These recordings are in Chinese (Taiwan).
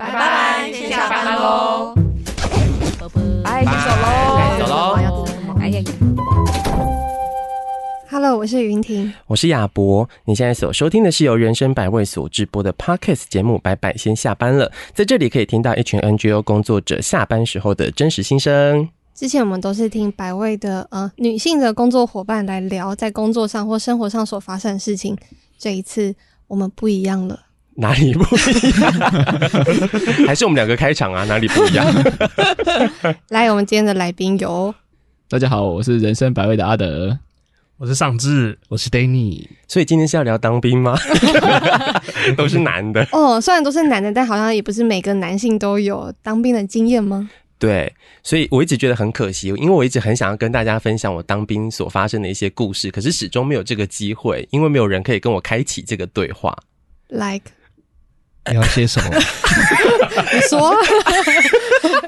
拜拜，先下班嘍！拜拜，bye, 走嘍！走嘍！Hello，我是雲婷，我是亞伯。你現在所收聽的是由人生百味所直播的 Podcast 節目《百百先下班了》。在這裡可以聽到一群 NGO 工作者下班時候的真實心聲。之前我們都是聽百味的呃女性的工作夥伴來聊在工作上或生活上所發生的事情，這一次我們不一樣了。哪裡不一樣？ 還是我們兩個開場啊？哪裡不一樣？ 來，我們今天的來賓有。大家好，我是人生百味的阿德，我是尚志，我是 Danny。所以今天是要聊當兵嗎？ 都是男的 哦，雖然都是男的，但好像也不是每個男性都有當兵的經驗嗎？對，所以我一直覺得很可惜，因為我一直很想要跟大家分享我當兵所發生的一些故事，可是始終沒有這個機會，因為沒有人可以跟我開啟這個對話。Like。聊些什麼？ 你說、啊，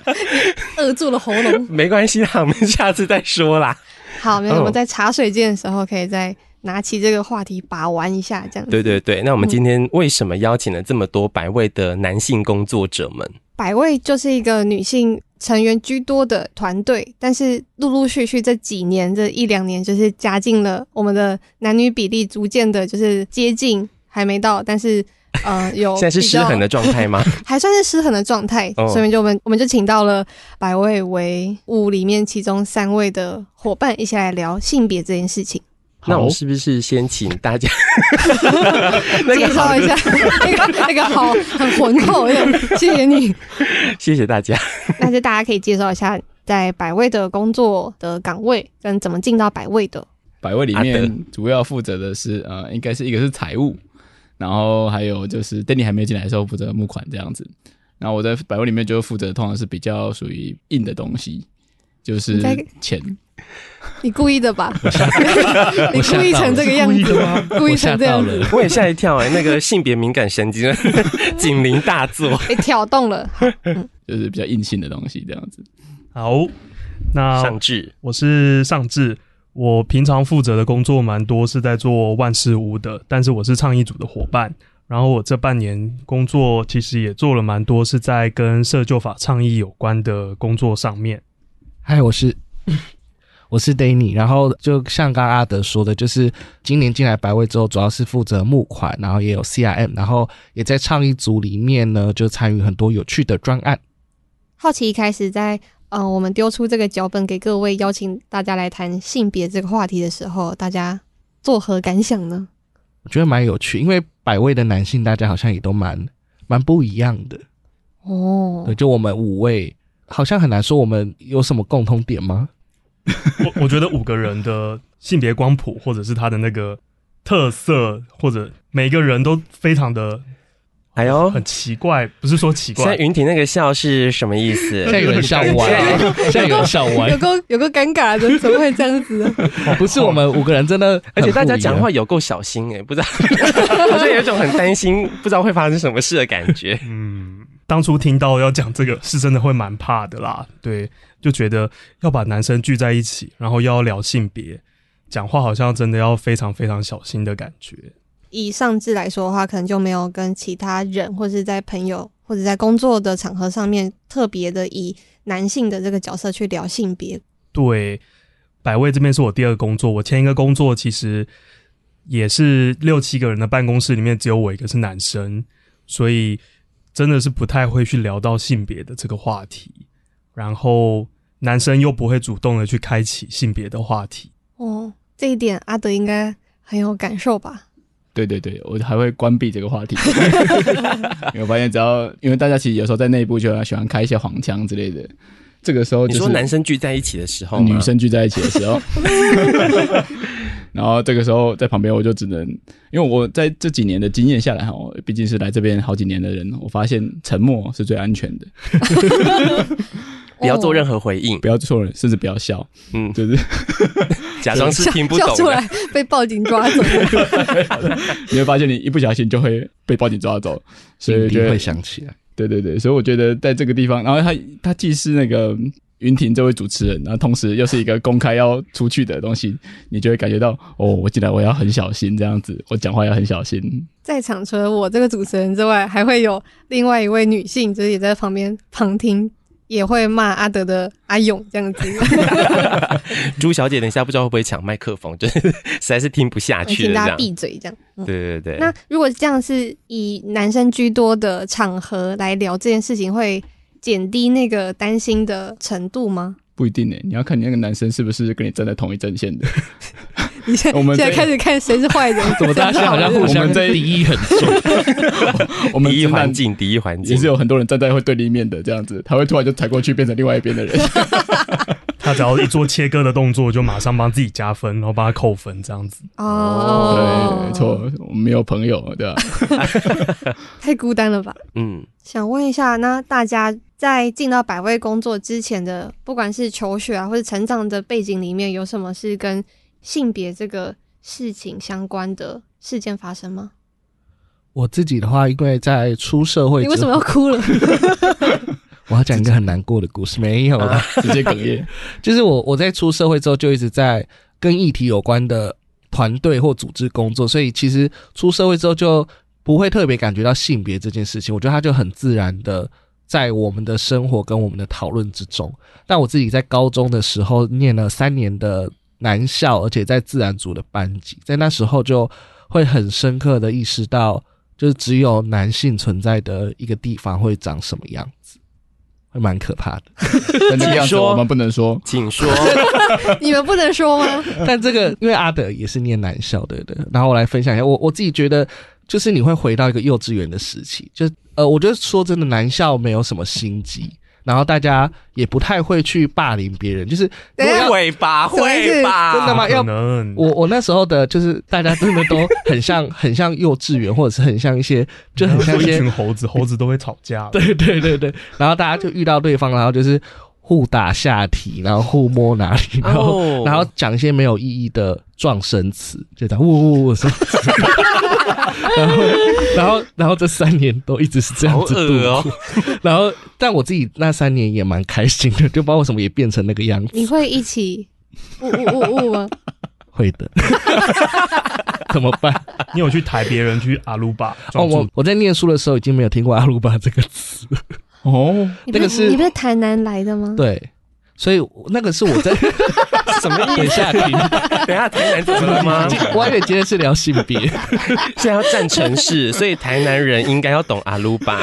扼住了喉嚨。沒關係，我們下次再說啦。好，嗯、我們在茶水間的時候可以再拿起這個話題把玩一下，這樣。對對對，那我們今天為什麼邀請了這麼多百味的男性工作者們？嗯、百味就是一個女性成員居多的團隊，但是陸陸續續這幾年這一兩年，就是加進了我們的男女比例，逐漸的就是接近，還沒到，但是。呃，有現在是失衡的狀態嗎？還算是失衡的狀態， 所以就我們我們就請到了百味為五裡面其中三位的夥伴一起來聊性別這件事情。那我們是不是先請大家 介紹一下、 那個？那個那個好，很渾厚，謝謝你， 謝謝大家 。但是大家可以介紹一下在百味的工作的崗位跟怎麼進到百味的。百味裡面主要負責的是、啊、呃，應該是一個是財務。然後還有就是等你還沒進來的時候負責募款這樣子。然後我在百味裡面就負責，通常是比較屬於硬的東西，就是錢。你，你故意的吧？ 你故意成這個樣子？故意，的嗎？故意成這樣子我嚇？我也嚇一跳、欸、那個性別敏感神經， 警鈴大作，被、欸、挑動了。就是比較硬性的東西這樣子。好，那上智，我是上智。我平常負責的工作蠻多，是在做萬事屋的，但是我是倡議組的夥伴。然後我這半年工作其實也做了蠻多，是在跟社救法倡議有關的工作上面。嗨，我是我是 Danny。然後就像剛剛阿德說的，就是今年進來百味之後，主要是負責募款，然後也有 CRM，然後也在倡議組裡面呢，就參與很多有趣的專案。好奇一開始在。嗯、呃，我們丟出這個腳本給各位，邀請大家來談性別這個話題的時候，大家作何感想呢？我覺得蠻有趣，因為百味的男性，大家好像也都蠻蠻不一樣的。哦，對，就我們五位，好像很難說我們有什麼共同點嗎？ 我我覺得五個人的性別光譜，或者是他的那個特色，或者每個人都非常的。哎呦，很奇怪，不是說奇怪。像雲婷那個笑是什麼意思？像 有人笑歪，像 有人笑歪 有，有個有個尷尬的，怎麼會這樣子呢？ 不是我們五個人真的，的，而且大家講話有夠小心哎、欸，不知道，好像 有一種很擔心 不知道會發生什麼事的感覺。嗯，當初聽到要講這個，是真的會蠻怕的啦。對，就覺得要把男生聚在一起，然後要聊性別，講話好像真的要非常非常小心的感覺。以上次來說的話，可能就沒有跟其他人，或者在朋友，或者在工作的場合上面，特別的以男性的這個角色去聊性別。對，百味這邊是我第二個工作，我前一個工作其實也是六七個人的辦公室裡面只有我一個是男生，所以真的是不太會去聊到性別的這個話題。然後男生又不會主動的去開啟性別的話題。哦，這一點阿德應該很有感受吧？對對對，我還會關閉這個話題。 因為我發現，只要因為大家其實有時候在內部就喜歡開一些黃腔之類的，這個時候、就是、你說男生聚在一起的時候，女生聚在一起的時候， 然後這個時候在旁邊我就只能，因為我在這幾年的經驗下來哈，畢竟是來這邊好幾年的人，我發現沉默是最安全的。 不要做任何回應，哦、不要做錯人，甚至不要笑。嗯，就是假裝是聽不懂， 笑出來被報警抓走。 你會發現，你一不小心就會被報警抓走。所以就會想起來。對對對，所以我覺得在這個地方，然後他他既是那個雲庭這位主持人，然後同時又是一個公開要出去的東西，你就會感覺到哦，我進來我要很小心這樣子，我講話要很小心。在場除了我這個主持人之外，還會有另外一位女性，就是也在旁邊旁聽。也會罵阿德的阿勇這樣子 朱小姐，等一下不知道會不會搶麥克風，真、就、的、是、實在是聽不下去，請大家閉嘴這樣、嗯。對對對。那如果這樣是以男生居多的場合來聊這件事情，會減低那個擔心的程度嗎？不一定呢、欸。你要看你那個男生是不是跟你站在同一陣線的。 你現在我們在現在開始看誰是壞人、啊。怎麼大家現在好像互相在敵意很重？ 我們敵意環境，敵意環境其實，有很多人站在會對立面的這樣子，他會突然就踩過去變成另外一邊的人。 他只要一做切割的動作，就馬上幫自己加分，然後幫他扣分這樣子。哦，對，對，對，沒錯，我們沒有朋友，對吧、啊？ 太孤單了吧？嗯。想問一下，那大家在進到百味工作之前的，不管是求學啊，或者成長的背景裡面，有什麼是跟？性別這個事情相關的事件發生嗎？我自己的話，因為在出社會之後，你為什麼要哭了？ 我要講一個很難過的故事，沒有啦，啊、直接哽咽。 就是我我在出社會之後，就一直在跟議題有關的團隊或組織工作，所以其實出社會之後就不會特別感覺到性別這件事情。我覺得它就很自然的在我們的生活跟我們的討論之中。但我自己在高中的時候念了三年的。男校，而且在自然組的班級，在那時候就會很深刻的意識到，就是只有男性存在的一個地方會長什麼樣子，會蠻可怕的。請 我們不能說。 請說。 你們不能說嗎？但這個，因為阿德也是念男校對不對，然後我來分享一下，我我自己覺得，就是你會回到一個幼稚園的時期，就呃，我覺得說真的，男校沒有什麼心機。然後大家也不太會去霸凌別人，就是因為尾巴會巴會吧，真的嗎？可能要我我那時候的就是大家真的都很像 很像幼稚園，或者是很像一些就很像一些，就一群猴子， 猴子都會吵架，對對對對，然後大家就遇到對方， 然後就是。互打下體，然後互摸哪裡，然後、oh. 然後講一些沒有意義的狀聲詞，就講嗚嗚嗚什麼，然後然後然後這三年都一直是這樣子對哦、喔、然後但我自己那三年也蠻開心的，就包括什麼也變成那個樣子。你會一起嗚嗚嗚嗚嗎？會的。 怎麼辦？你有去抬別人去阿魯巴？哦，我我在念書的時候已經沒有聽過阿魯巴這個詞。哦，那、這個是你不是台南來的嗎？對，所以那個是我在 什麼意思？ 等一下台南怎麼了嗎？ 我還以為今天是聊性別， 現在要戰城市，所以台南人應該要懂阿魯巴。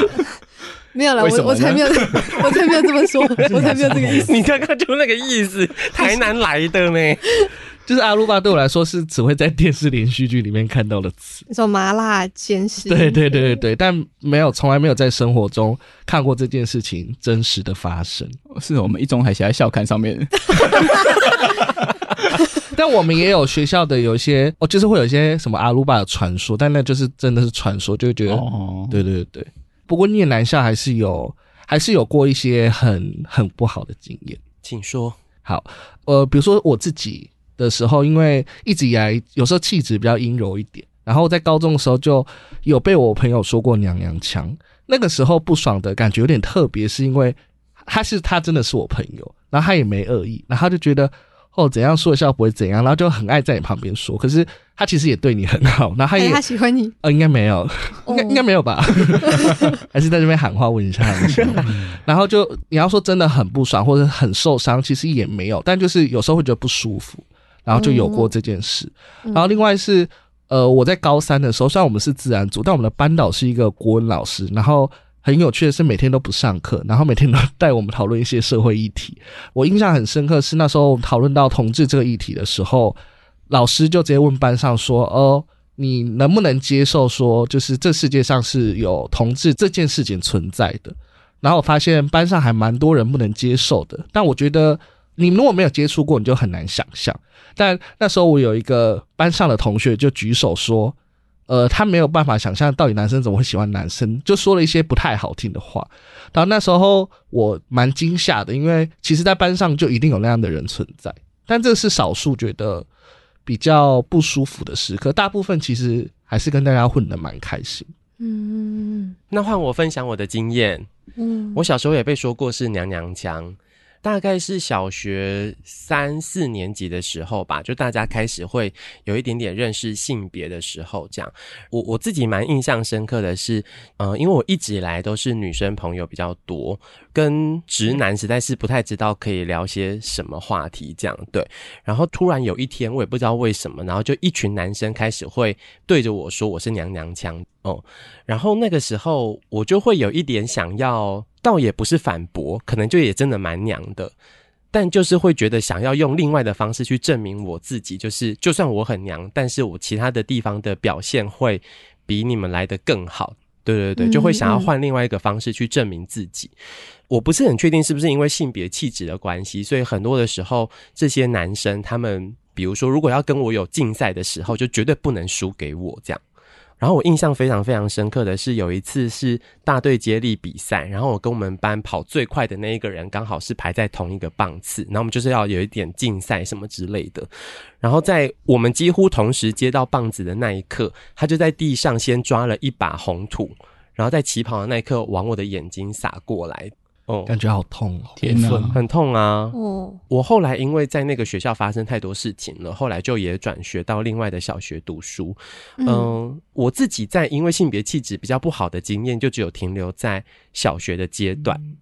沒有了，我我才沒有，我才沒有這麼說， 我才沒有這個意思。 你剛剛就那個意思， 台南來的呢？就是阿魯巴對我來說是只會在電視連續劇裡面看到的詞，那種麻辣鮮師。對對對對對，但沒有從來沒有在生活中看過這件事情真實的發生，是我們一中還寫在校刊上面。但我們也有學校的有一些哦，就是會有一些什麼阿魯巴的傳說，但那就是真的是傳說，就會覺得哦對對對，對。不過念男校還是有還是有過一些很很不好的經驗。請說。好，呃，比如說我自己的時候，因為一直以來有時候氣質比較陰柔一點，然後在高中的時候就有被我朋友說過娘娘腔。那個時候不爽的感覺有點特別，是因為他是他真的是我朋友，然後他也沒惡意，然後他就覺得哦怎樣說一下我不會怎樣，然後就很愛在你旁邊說。可是他其實也對你很好，然後他也、欸、他喜歡你、呃、哦，應該沒有，應該應該沒有吧？ 還是在這邊喊話問一下 然後就你要說真的很不爽或者很受傷，其實也沒有，但就是有時候會覺得不舒服。然後就有過這件事、嗯嗯，然後另外是，呃，我在高三的時候，雖然我們是自然組，但我們的班導是一個國文老師。然後很有趣的是，每天都不上課，然後每天都帶我們討論一些社會議題。我印象很深刻是那時候討論到同志這個議題的時候，老師就直接問班上說：“哦、呃，你能不能接受說，就是這世界上是有同志這件事情存在的？”然後我發現班上還蠻多人不能接受的，但我覺得。你如果沒有接觸過，你就很難想象。但那時候我有一個班上的同學就舉手說，呃，他沒有辦法想象到底男生怎麼會喜歡男生，就說了一些不太好聽的話。然後那時候我蠻驚嚇的，因為其實，在班上就一定有那樣的人存在，但這是少數覺得比較不舒服的時刻。大部分其實還是跟大家混得蠻開心。嗯嗯嗯。那換我分享我的經驗。嗯，我小時候也被說過是娘娘腔。大概是小學三四年級的時候吧，就大家開始會有一點點認識性別的時候，這樣。我我自己蠻印象深刻的是，嗯、呃，因為我一直以來都是女生朋友比較多，跟直男實在是不太知道可以聊些什麼話題，這樣對。然後突然有一天，我也不知道為什麼，然後就一群男生開始會對着我說我是娘娘腔哦、嗯，然後那個時候我就會有一點想要。倒也不是反駁，可能就也真的蠻娘的，但就是會覺得想要用另外的方式去證明我自己，就是就算我很娘，但是我其他的地方的表現會比你們來得更好，對對對，就會想要換另外一個方式去證明自己。嗯嗯。我不是很確定是不是因為性別氣質的關係，所以很多的時候，這些男生他們，比如說如果要跟我有競賽的時候，就絕對不能輸給我這樣。然後我印象非常非常深刻的是，有一次是大隊接力比賽，然後我跟我們班跑最快的那一個人剛好是排在同一個棒次，那我們就是要有一點競賽什麼之類的。然後在我們幾乎同時接到棒子的那一刻，他就在地上先抓了一把紅土，然後在起跑的那一刻往我的眼睛撒過來。哦，感覺好痛，天哪、嗯，很痛啊！嗯，我後來因為在那個學校發生太多事情了，後來就也轉學到另外的小學讀書。呃、嗯，我自己在因為性別氣質比較不好的經驗，就只有停留在小學的階段，嗯。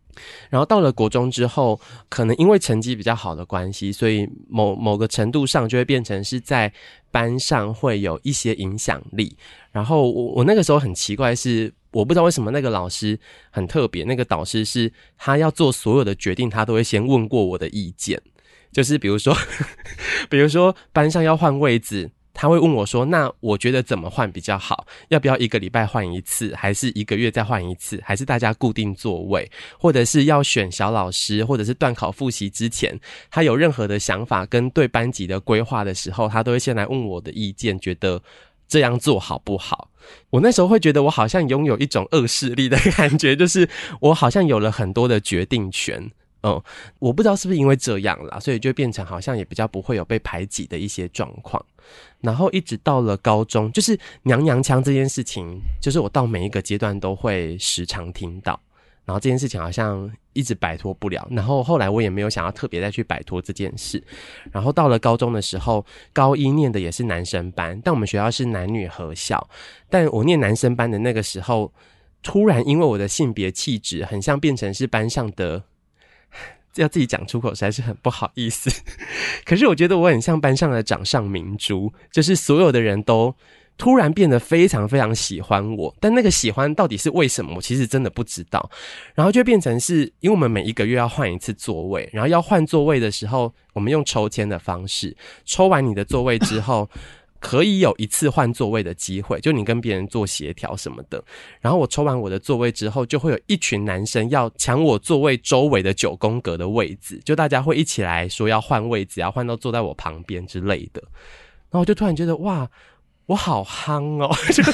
然後到了國中之後，可能因為成績比較好的關係，所以某某個程度上就會變成是在班上會有一些影響力。然後我我那個時候很奇怪是。我不知道為什麼那個老師很特別，那個導師是他要做所有的決定，他都會先問過我的意見。就是比如說，呵呵，比如說班上要換位置，他會問我說：“那我覺得怎麼換比較好？要不要一個禮拜換一次，還是一個月再換一次，還是大家固定座位？或者是要選小老師，或者是段考複習之前，他有任何的想法跟對班級的規劃的時候，他都會先來問我的意見，覺得。”這樣做好不好？我那時候會覺得我好像擁有一種惡勢力的感覺，就是我好像有了很多的決定權。嗯，我不知道是不是因為這樣啦，所以就變成好像也比較不會有被排擠的一些狀況。然後一直到了高中，就是娘娘腔這件事情，就是我到每一個階段都會時常聽到。然後這件事情好像，一直擺脫不了，然後後來我也沒有想要特別再去擺脫這件事。然後到了高中的時候，高一念的也是男生班，但我們學校是男女合校。但我念男生班的那個時候，突然因為我的性別氣質，很像變成是班上的，要自己講出口實在是很不好意思。可是我覺得我很像班上的掌上明珠，就是所有的人都。突然變得非常非常喜歡我，但那個喜歡到底是為什麼？我其實真的不知道。然後就變成是因為我們每一個月要換一次座位，然後要換座位的時候，我們用抽籤的方式抽完你的座位之後，可以有一次換座位的機會，就你跟別人做協調什麼的。然後我抽完我的座位之後，就會有一群男生要搶我座位周圍的九宮格的位置，就大家會一起來說要換位置，要換到坐在我旁邊之類的。然後我就突然覺得，哇！我好夯哦！就是、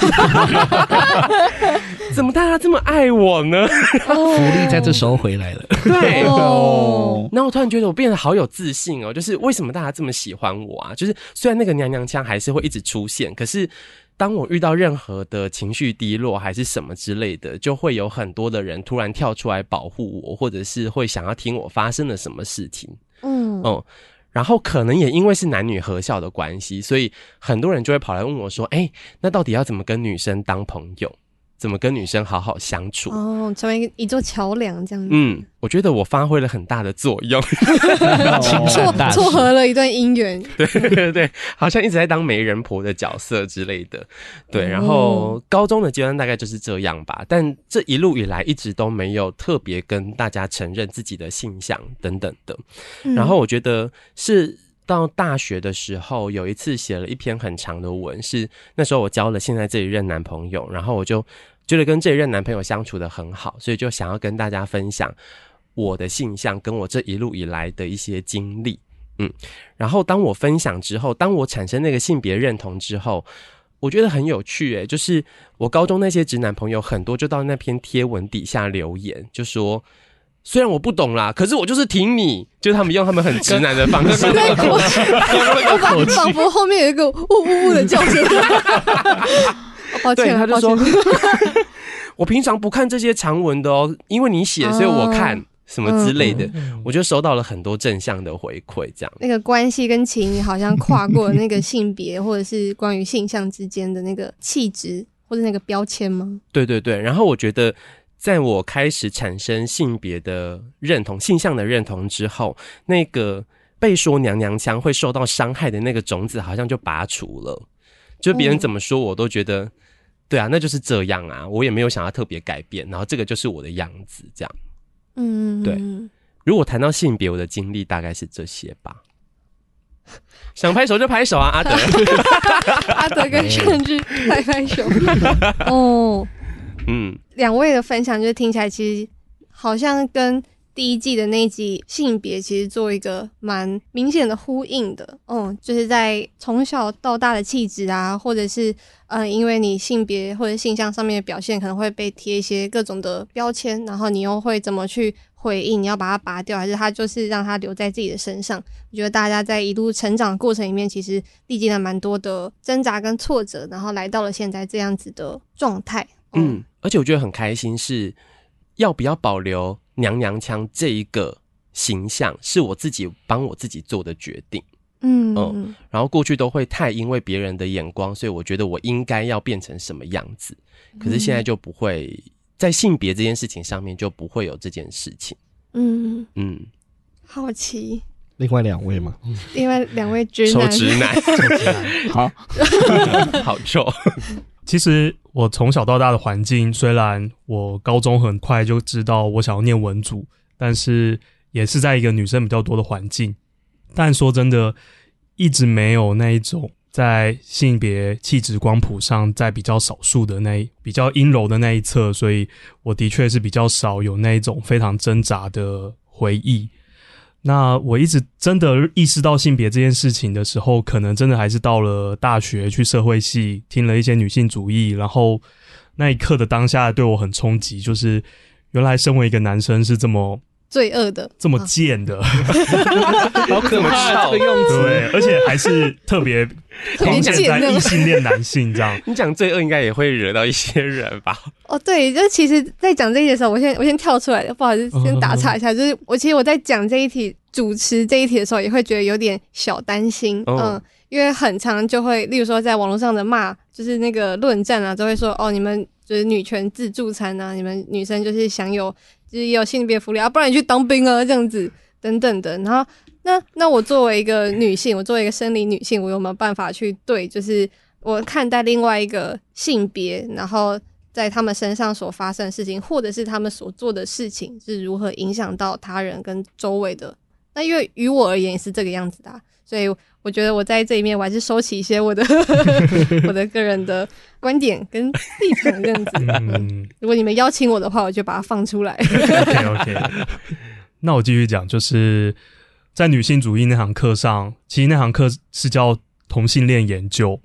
怎麼大家這麼愛我呢？福利在這時候回來了。對哦，那我突然覺得我變得好有自信哦。就是為什麼大家這麼喜歡我啊？就是雖然那個娘娘腔還是會一直出現，可是當我遇到任何的情緒低落還是什麼之類的，就會有很多的人突然跳出來保護我，或者是會想要聽我發生了什麼事情。Mm. 嗯哦。然後可能也因為是男女合校的關係，所以很多人就會跑來問我說：“誒，那到底要怎麼跟女生當朋友？”怎麼跟女生好好相處？哦，成為一,一座橋樑這樣子。嗯，我覺得我發揮了很大的作用，撮 撮 合了一段姻緣。對對對，好像一直在當媒人婆的角色之類的。對，然後、哦、高中的階段大概就是這樣吧，但這一路以來一直都沒有特別跟大家承認自己的性向等等的。嗯、然後我覺得是。到大學的時候，有一次寫了一篇很長的文，是那時候我交了現在這一任男朋友，然後我就覺得跟這一任男朋友相處得很好，所以就想要跟大家分享我的性向跟我這一路以來的一些經歷。嗯，然後當我分享之後，當我產生那個性別認同之後，我覺得很有趣、欸，誒，就是我高中那些直男朋友很多就到那篇貼文底下留言，就說，雖然我不懂啦，可是我就是挺你，就是他們用他們很直男的方式。是 我仿 仿佛後面有一個嗚嗚嗚的叫聲、 哦。對，他就說抱歉：“我平常不看這些長文的哦，因為你寫， 所以我看什麼之類的。嗯”我就收到了很多正向的回饋，這樣。那個關係跟情誼好像跨過那個性別， 或者是關於性向之間的那個氣質，或者那個標籤嗎？對對對，然後我覺得。在我開始產生性別的認同、性向的認同之後，那個被說娘娘腔會受到傷害的那個種子好像就拔除了。就別人怎麼說，我都覺得，嗯，對啊，那就是這樣啊，我也沒有想要特別改變，然後這個就是我的樣子，這樣。嗯，對。如果談到性別，我的經歷大概是這些吧。 想拍手就拍手啊， 阿德。 阿德跟甚至拍拍手。 哦。嗯，兩位的分享就是聽起來其實好像跟第一季的那一集性別其實做一個蠻明顯的呼應的。嗯，就是在從小到大的氣質啊，或者是嗯、呃，因為你性別或者性向上面的表現，可能會被貼一些各種的標籤，然後你又會怎麼去回應？你要把它拔掉，還是它就是讓它留在自己的身上？我覺得大家在一路成長的過程裡面，其實歷經了蠻多的掙扎跟挫折，然後來到了現在這樣子的狀態。嗯。嗯而且我覺得很開心是，是要不要保留娘娘腔這一個形象，是我自己幫我自己做的決定。嗯嗯，然後過去都會太因為別人的眼光，所以我覺得我應該要變成什麼樣子，嗯、可是現在就不會在性別這件事情上面，就不會有這件事情。嗯嗯，好奇，另外兩位嘛，另外兩位臭直男，臭直男，好， 好臭。 其實我從小到大的環境，雖然我高中很快就知道我想要念文組，但是也是在一個女生比較多的環境。但說真的，一直沒有那一種在性別氣質光譜上在比較少數的那，比較陰柔的那一側，所以我的確是比較少有那一種非常掙扎的回憶。那我一直真的意識到性別這件事情的時候，可能真的還是到了大學去社會系，聽了一些女性主義，然後那一刻的當下對我很衝擊，就是原來身為一個男生是這麼。罪惡的，這麼賤的，啊、 好可怕的用詞，啊。而且還是特別重點在異性戀男性 你講罪惡，應該也會惹到一些人吧？哦，對，就是其實，在講這些的時候，我先我先跳出來，不好意思，先打岔一下。嗯、就是我其實我在講這一題，主持這一題的時候，也會覺得有點小擔心，嗯，嗯，因為很常就會，例如說在網絡上的罵，就是那個論戰啊，都會說哦，你們就是女權自助餐啊，你們女生就是享有。就是也有性別福利啊，不然你去當兵啊，這樣子等等的。然後，那那我作為一個女性，我作為一個生理女性，我有沒有辦法去對，就是我看待另外一個性別，然後在他們身上所發生的事情，或者是他們所做的事情是如何影響到他人跟周圍的？那因為於我而言也是這個樣子的啊，所以。我覺得我在這裡面，我還是收起一些我的 我的個人的觀點跟立場這樣子、 嗯嗯、如果你們邀請我的話，我就把它放出來。 OK OK。那我繼續講，就是在女性主義那堂課上，其實那堂課是叫同性戀研究，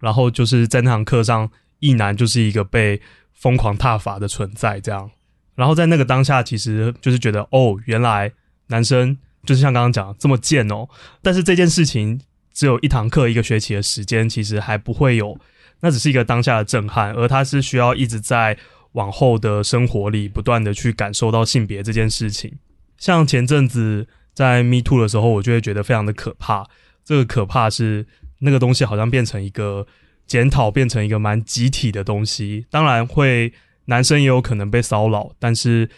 然後就是在那堂課上，異男就是一個被瘋狂撻伐的存在，這樣。然後在那個當下，其實就是覺得，哦，原來男生。就是像剛剛講這麼賤哦、喔，但是這件事情只有一堂課一個學期的時間，其實還不會有，那只是一個當下的震撼，而他是需要一直在往後的生活裡不斷的去感受到性別這件事情。像前陣子在 Me Too 的時候，我就會覺得非常的可怕。這個可怕是那個東西好像變成一個檢討，變成一個蠻集體的東西。當然會，男生也有可能被騷擾，但是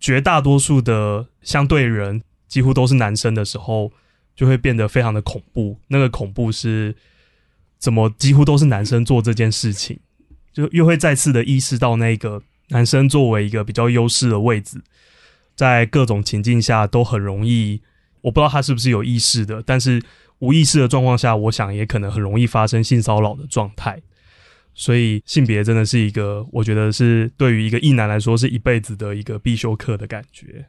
絕大多數的相對人。幾乎都是男生的時候，就會變得非常的恐怖。那個恐怖是怎麼？幾乎都是男生做這件事情，就又會再次的意識到那個男生作為一個比較優勢的位置，在各種情境下都很容易。我不知道他是不是有意識的，但是無意識的狀況下，我想也可能很容易發生性騷擾的狀態。所以，性別真的是一個，我覺得是對於一個異男來說是一輩子的一個必修課的感覺。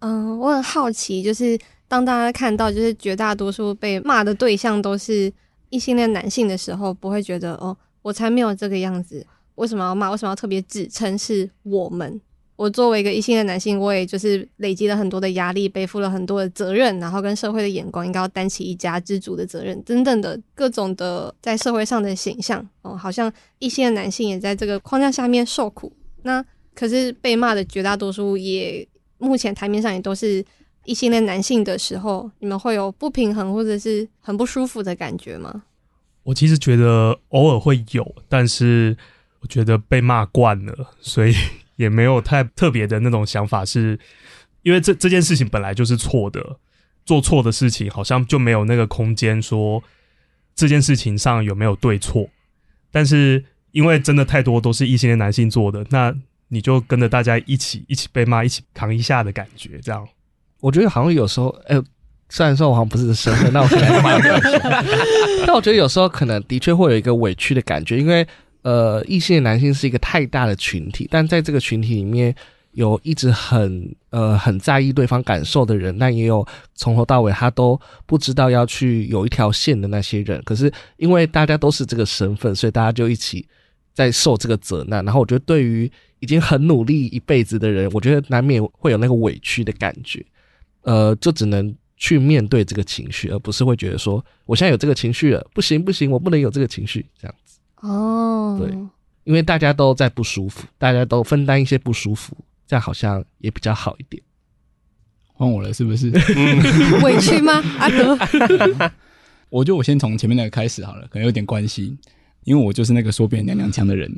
嗯，我很好奇，就是當大家看到就是絕大多數被罵的對象都是異性戀男性的時候，不會覺得哦，我才沒有這個樣子，為什麼要罵？為什麼要特別指稱是我們？我作為一個異性戀男性，我也就是累積了很多的壓力，背負了很多的責任，然後跟社會的眼光應該要擔起一家之主的責任，等等的，各種的在社會上的形象，哦，好像異性的男性也在這個框架下面受苦。那可是被罵的絕大多數也目前台面上也都是異性戀男性的時候，你們會有不平衡或者是很不舒服的感覺嗎？我其實覺得偶爾會有，但是我覺得被罵慣了，所以也沒有太特別的那種想法是。是因為這這件事情本來就是錯的，做錯的事情好像就沒有那個空間說這件事情上有沒有對錯。但是因為真的太多都是異性戀男性做的，那。你就跟着大家一起一起被罵，一起扛一下的感覺，這樣，我覺得好像有時候，哎、欸，雖然說我好像不是身份， 那我,來要要 但我覺得有時候可能的確會有一個委屈的感覺，因為呃，異性的男性是一個太大的群體，但在這個群體裡面，有一直很呃很在意對方感受的人，那也有從頭到尾他都不知道要去有一條線的那些人，可是因為大家都是這個身份，所以大家就一起。在受這個責難，然後我覺得對於已經很努力一輩子的人，我覺得難免會有那個委屈的感覺，呃，就只能去面對這個情緒，而不是會覺得說我現在有這個情緒了，不行不行，我不能有這個情緒這樣子。哦，對，因為大家都在不舒服，大家都分擔一些不舒服，這樣好像也比較好一點。換我了是不是？ 嗯、委屈嗎？阿、啊、德， 我就我先從前面那個開始好了，可能有點關係。因為我就是那個說別人娘娘腔的人，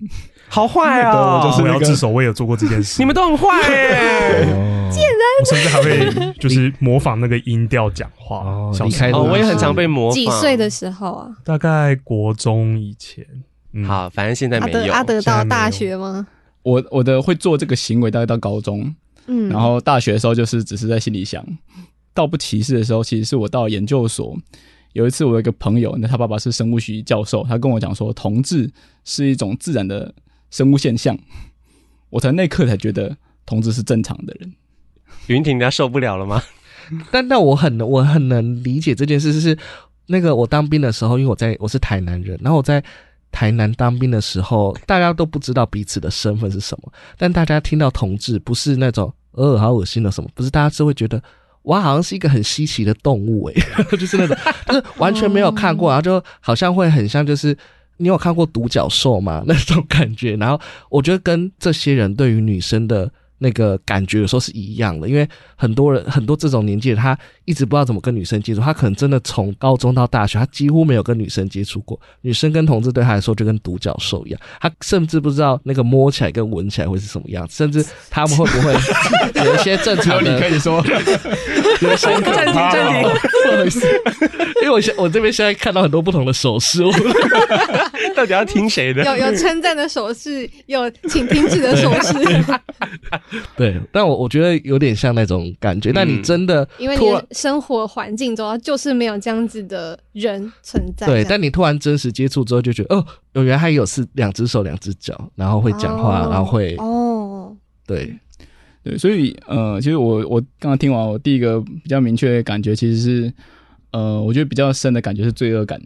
好壞哦、嗯，我就是那個！我要自首，我也有做過這件事。 你們都很壞，賤、yeah、人！Wow、我甚至還會就是模仿那個音調講話。 哦、小時候我也很常被模仿。幾歲的時候啊？大概國中以前。嗯、好，反正現在沒有。阿德到大，大學嗎？我我的會做這個行為大概到高中。嗯。然後大學的時候就是只是在心裡想。到不歧視的時候，其實是我到研究所。有一次，我有一個朋友，那他爸爸是生物學教授，他跟我講說，同志是一種自然的生物現象。我在那一刻才覺得，同志是正常的人。云庭，他受不了了嗎？但那我很，我很能理解這件事，就是那個我當兵的時候，因為我在我是台南人，然後我在台南當兵的時候，大家都不知道彼此的身份是什麼，但大家聽到同志，不是那種，呃，好噁心的什麼，不是大家只會覺得。我、wow，好像是一個很稀奇的動物誒、欸， 就是那種， 就是完全沒有看過，然後就好像會很像，就是你有看過獨角獸嗎？那種感覺，然後我覺得跟這些人對於女生的那個感覺有時候是一樣的，因為很多人很多這種年紀的人他。一直不知道怎麼跟女生接觸，他可能真的從高中到大學，他幾乎沒有跟女生接觸過。女生跟同志對他來說就跟獨角獸一樣，他甚至不知道那個摸起來跟聞起來會是什麼樣子，甚至他們會不會有一些正常的？ 你可以說，有一些正正的， 因為我現我這邊現在看到很多不同的手勢，我 到底要聽誰的？有有稱讚的手勢，有請停止的手勢。 對，但我我覺得有點像那種感覺。嗯，但你真的突然因為你。生活環境中就是沒有這樣子的人存在。對，但你突然真實接觸之後，就覺得哦，原來還有是兩隻手、兩隻腳，然後會講話、哦，然後會哦，對，對，所以呃，其實我我剛剛聽完，我第一個比較明確的感覺其實是呃，我覺得比較深的感覺是罪惡感，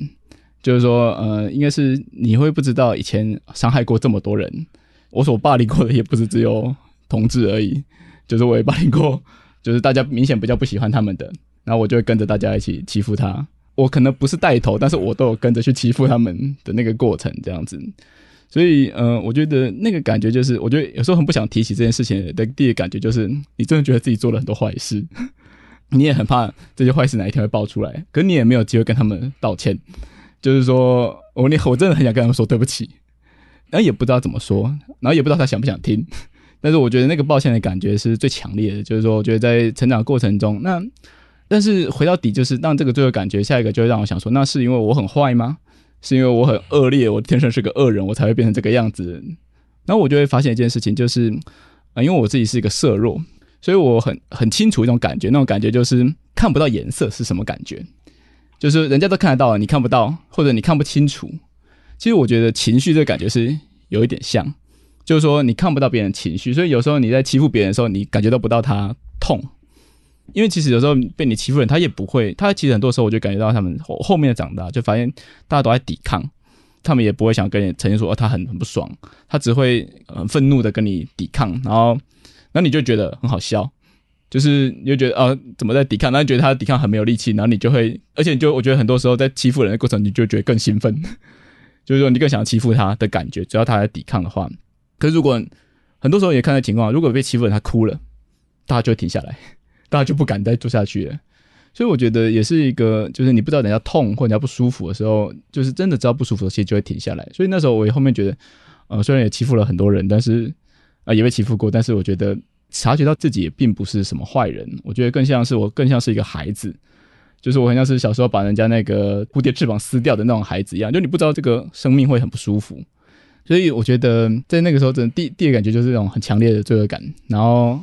就是說呃，應該是你會不知道以前傷害過這麼多人，我所霸凌過的也不是只有同志而已，就是我也霸凌過。就是大家明顯比較不喜歡他們的，然後我就會跟着大家一起欺負他。我可能不是帶頭，但是我都有跟着去欺負他們的那個過程，這樣子。所以，呃，我覺得那個感覺就是，我覺得有時候很不想提起這件事情的第一個感覺就是，你真的覺得自己做了很多壞事，你也很怕這些壞事哪一天會爆出來，可是你也沒有機會跟他們道歉。就是說，我你我真的很想跟他們說對不起，然後也不知道怎麼說，然後也不知道他想不想聽。但是我覺得那個抱歉的感覺是最強烈的，就是說，我覺得在成長的過程中，那但是回到底，就是讓這個最後感覺，下一個就會讓我想說，那是因為我很壞嗎？是因為我很惡劣，我天生是個惡人，我才會變成這個樣子？然後我就會發現一件事情，就是啊、呃，因為我自己是一個色弱，所以我很很清楚一種感覺，那種感覺就是看不到顏色是什麼感覺，就是人家都看得到，你看不到，或者你看不清楚。其實我覺得情緒這個感覺是有一點像。就是說，你看不到別人情緒，所以有時候你在欺負別人的時候，你感覺都不到他痛，因為其實有時候被你欺負人，他也不會，他其實很多時候我就感覺到他們後面的長大，就發現大家都在抵抗，他們也不會想跟你承認說，哦、他很很不爽，他只會呃、憤怒的跟你抵抗，然後，那你就覺得很好笑，就是你就覺得，啊、哦、怎麼在抵抗，然後你覺得他的抵抗很沒有力氣，然後你就會，而且就我覺得很多時候在欺負人的過程，你就覺得更興奮、嗯，就是說你更想要欺負他的感覺，只要他在抵抗的話。可是，如果很多時候也看到情況，如果被欺負了，他哭了，大家就會停下來，大家就不敢再做下去了。所以，我覺得也是一個，就是你不知道人家痛或人家不舒服的時候，就是真的知道不舒服的時候，就會停下來。所以那時候我也後面覺得，呃，雖然也欺負了很多人，但是、呃、也被欺負過，但是我覺得察覺到自己也並不是什麼壞人，我覺得更像是我，更像是一個孩子，就是我很像是小時候把人家那個蝴蝶翅膀撕掉的那種孩子一樣，就你不知道這個生命會很不舒服。所以我覺得在那個時候，真的第第一感覺就是一種很強烈的罪惡感。然後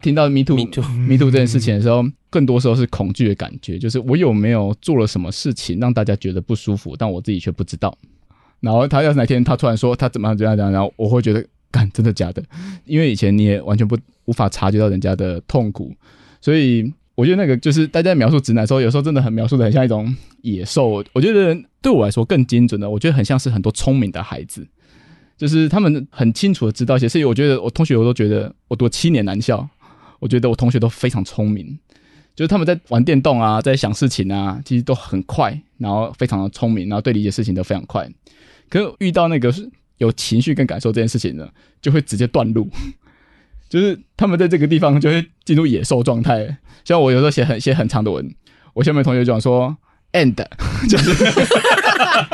聽到 “Me too Me too” 這件事情的時候，更多時候是恐懼的感覺，就是我有沒有做了什麼事情讓大家覺得不舒服，但我自己卻不知道。然後他要是哪天他突然說他怎麼樣怎樣怎樣，然後我會覺得，幹，真的假的？因為以前你也完全不無法察覺到人家的痛苦，所以我覺得那個就是大家描述直男的時候，有時候真的很描述的很像一種野獸。我覺得對我來說更精準的，我覺得很像是很多聰明的孩子。就是他們很清楚的知道一些，所以我覺得我同學，我都覺得我讀七年男校，我覺得我同學都非常聰明，就是他們在玩電動啊，在想事情啊，其實都很快，然後非常的聰明，然後對理解事情都非常快。可是遇到那個有情緒跟感受這件事情呢，就會直接斷路，就是他們在這個地方就會進入野獸狀態。像我有時候寫很寫很長的文，我下面同學就講說 “end”，就是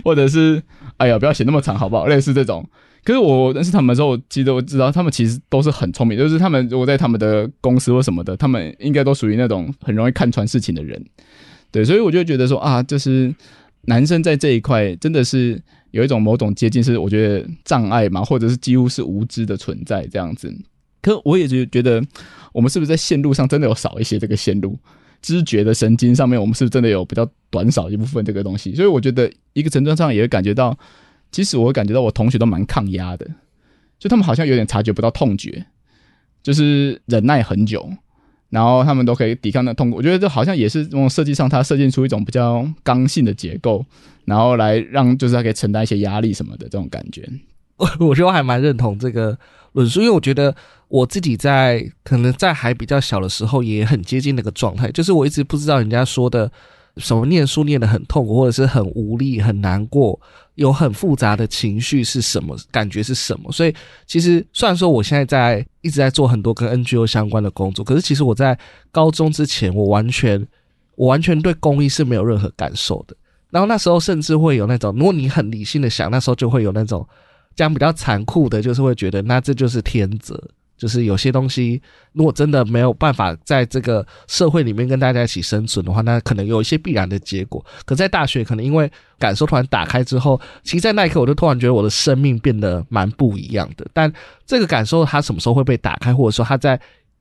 或者是。哎呀，不要寫那麼長，好不好？類似這種，可是我認識他們的時候，我記得我知道他們其實都是很聰明，就是他們如果在他們的公司或什麼的，他們應該都屬於那種很容易看穿事情的人，對，所以我就覺得說啊，就是男生在這一塊真的是有一種某種接近是我覺得障礙嘛，或者是幾乎是無知的存在這樣子。可是我也覺覺得我們是不是在線路上真的有少一些這個線路？知覺的神經上面，我們是不是真的有比較短少一部分這個東西？所以我覺得一個程度上也會感覺到，即使我感覺到我同學都蠻抗壓的，就他們好像有點察覺不到痛覺，就是忍耐很久，然後他們都可以抵抗那痛苦。我覺得這好像也是這種設計上，它設計出一種比較剛性的結構，然後來讓就是他可以承擔一些壓力什麼的這種感覺。我覺得我還蠻認同這個論述，因為我覺得。我自己在可能在還比較小的時候，也很接近那個狀態，就是我一直不知道人家說的什麼唸書念得很痛苦，或者是很無力、很難過，有很複雜的情緒是什麼感覺是什麼。所以其實雖然說我現在在一直在做很多跟 NGO 相關的工作，可是其實我在高中之前，我完全我完全對公益是沒有任何感受的。然後那時候甚至會有那種，如果你很理性的想，那時候就會有那種這樣比較殘酷的，就是會覺得那這就是天擇。就是有些東西，如果真的沒有辦法在這個社會裡面跟大家一起生存的話，那可能有一些必然的結果。可在大學，可能因為感受突然打開之後，其實在那一刻，我就突然覺得我的生命變得蠻不一樣的。但這個感受，它什麼時候會被打開，或者說它在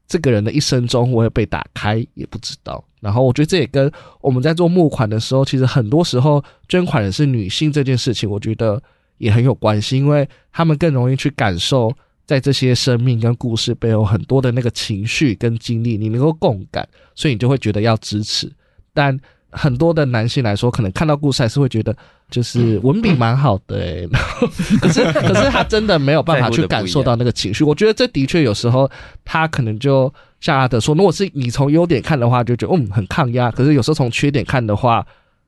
這個人的一生中，會不會被打開，也不知道。然後我覺得這也跟我們在做募款的時候，其實很多時候捐款的是女性這件事情，我覺得也很有關係，因為他們更容易去感受。在這些生命跟故事背後，很多的那個情緒跟經歷，你能夠共感，所以你就會覺得要支持。但很多的男性來說，可能看到故事還是會覺得，就是文筆蠻好的，欸，嗯，然後可是 可是他真的沒有辦法去感受到那個情緒。我覺得這的確有時候他可能就像阿德說，如果是你從優點看的話，就覺得嗯很抗壓，可是有時候從缺點看的話，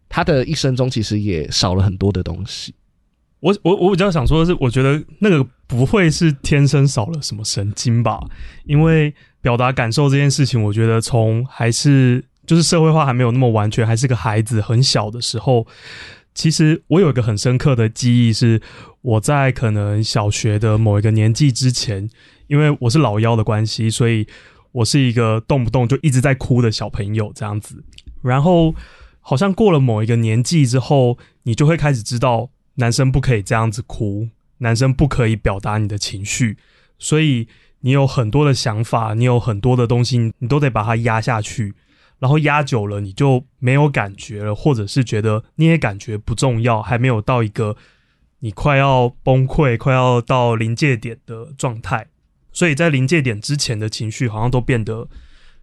他的一生中其實也少了很多的東西。我我我比較想說的是，我覺得那個不會是天生少了什麼神經吧？因為表達感受這件事情，我覺得從還是就是社會化還沒有那麼完全，還是個孩子很小的時候，其實我有一個很深刻的記憶，是我在可能小學的某一個年紀之前，因為我是老幺的關係，所以我是一個動不動就一直在哭的小朋友這樣子。然後好像過了某一個年紀之後，你就會開始知道。男生不可以這樣子哭，男生不可以表達你的情緒，所以你有很多的想法，你有很多的東西，你都得把它壓下去，然後壓久了你就沒有感覺了，或者是覺得你也感覺不重要，還沒有到一個你快要崩潰、快要到臨界點的狀態，所以在臨界點之前的情緒好像都變得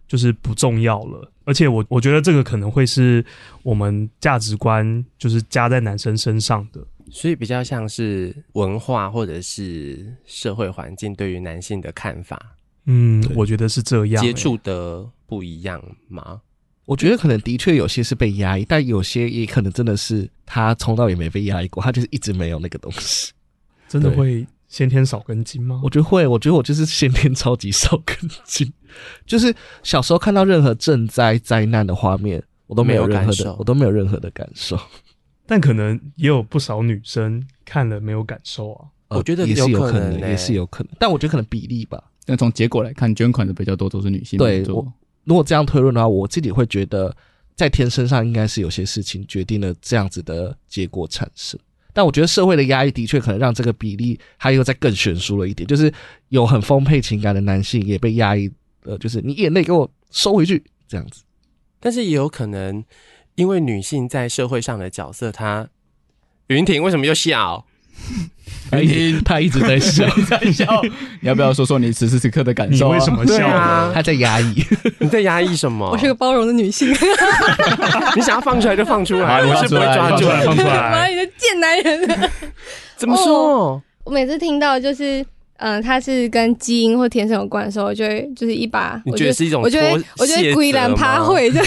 就是不重要了，而且我我覺得這個可能會是我們價值觀就是加在男生身上的。所以比較像是文化或者是社會環境對於男性的看法，嗯，我覺得是這樣。接觸的不一樣嗎？我覺得可能的確有些是被壓抑，但有些也可能真的是他從到也沒被壓抑過，他就是一直沒有那個東西。 真的會先天少根筋嗎？我覺得會。我覺得我就是先天超級少根筋， 就是小時候看到任何賑災災難的畫面，我都沒有任何的感受，我都沒有任何的感受。但可能也有不少女生看了沒有感受啊，我覺得也是有可能，也有可能，欸，也是有可能。但我覺得可能比例吧。那從結果來看，捐款的比較多都是女性。對，如果這樣推論的話，我自己會覺得，在天生上應該是有些事情決定了這樣子的結果產生。但我覺得社會的壓抑的確可能讓這個比例還有再更懸殊了一點，就是有很豐沛情感的男性也被壓抑，呃，就是你眼淚給我收回去這樣子。但是也有可能。因為女性在社會上的角色，她雲婷為什麼又笑？她一她一直在笑， 在笑。你 要不要說說你此時此刻的感受？你為什麼笑？啊、 她在壓抑，你在壓抑什麼？ 我是個包容的女性， 你想要放出來就放出來，我、 啊、是不會抓住來放出來。媽，你的賤男人！怎麼說？我我每次聽到就是，嗯、呃，她是跟基因或天生有關的時候，我就會就是一把。你覺得是一種？我覺得我覺得鬼然趴怕會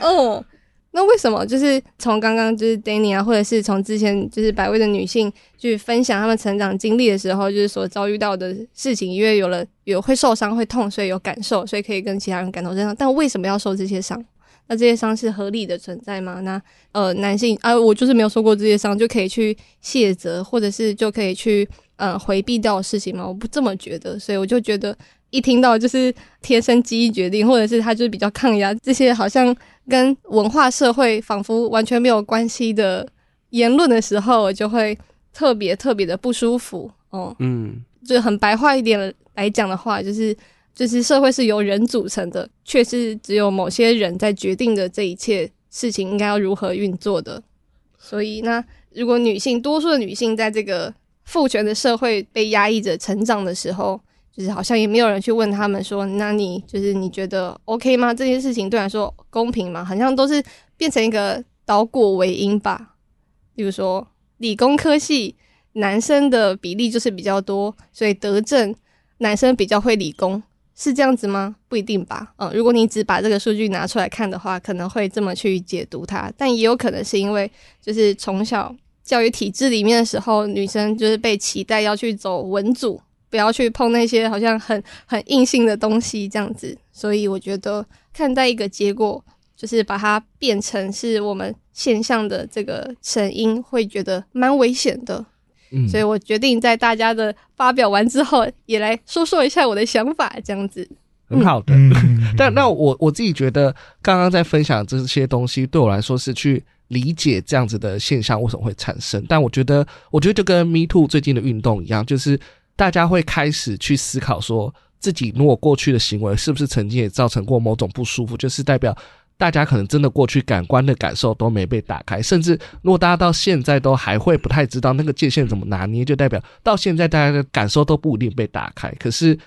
哦、 嗯，那為什麼就是從剛剛就是 Danny 啊，或者是從之前就是百味的女性去分享她們成長經歷的時候，就是所遭遇到的事情，因為有了有會受傷會痛，所以有感受，所以可以跟其他人感同身受。但為什麼要受這些傷？那這些傷是合理的存在嗎？那呃，男性啊，我就是沒有受過這些傷，就可以去卸責，或者是就可以去呃回避掉事情嗎？我不這麼覺得，所以我就覺得。一聽到就是天生基因決定，或者是他就是比較抗壓，這些好像跟文化社會仿佛完全沒有關係的言論的時候，我就會特別特別的不舒服哦。嗯，就很白話一點來講的話，就是就是社會是由人組成的，卻是只有某些人在決定着這一切事情應該要如何運作的。所以，那如果女性，多數的女性在這個父權的社會被壓抑着成長的時候，就是好像也沒有人去問他們說，那你就是你覺得 OK 嗎？這件事情對來說公平嗎？好像都是變成一個倒果為因吧。比如說理工科系男生的比例就是比較多，所以得證男生比較會理工，是這樣子嗎？不一定吧。嗯，如果你只把這個數據拿出來看的話，可能會這麼去解讀它，但也有可能是因為就是從小教育體制裡面的時候，女生就是被期待要去走文組。不要去碰那些好像很很硬性的東西這樣子，所以我覺得看待一個結果，就是把它變成是我們現象的這個成因，會覺得蠻危險的，嗯。所以我決定在大家的發表完之後，也來說說一下我的想法，這樣子，嗯。很好的，嗯、 但那我我自己覺得，剛剛在分享這些東西，對我來說是去理解這樣子的現象為什麼會產生。但我覺得，我覺得就跟 Me Too 最近的運動一樣，就是。大家會開始去思考，說自己如果過去的行為是不是曾經也造成過某種不舒服，就是代表大家可能真的過去感官的感受都沒被打開，甚至如果大家到現在都還會不太知道那個界限怎麼拿捏，就代表到現在大家的感受都不一定被打開。可是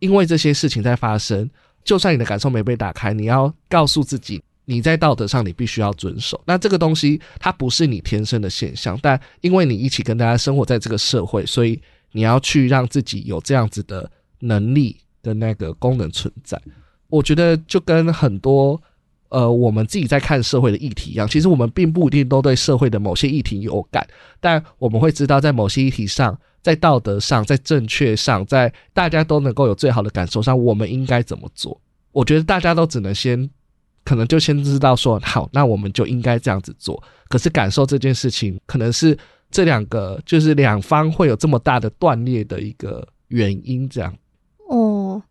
因為這些事情在發生，就算你的感受沒被打開，你要告訴自己，你在道德上你必須要遵守。那這個東西它不是你天生的現象，但因為你一起跟大家生活在這個社會，所以。你要去讓自己有這樣子的能力的那個功能存在，我覺得就跟很多呃，我們自己在看社會的議題一樣，其實我們並不一定都對社會的某些議題有感，但我們會知道在某些議題上，在道德上，在正確上，在大家都能夠有最好的感受上，我們應該怎麼做？我覺得大家都只能先，可能就先知道說好，那我們就應該這樣子做。可是感受這件事情，可能是。這兩個就是兩方會有這麼大的斷裂的一個原因，這樣。哦，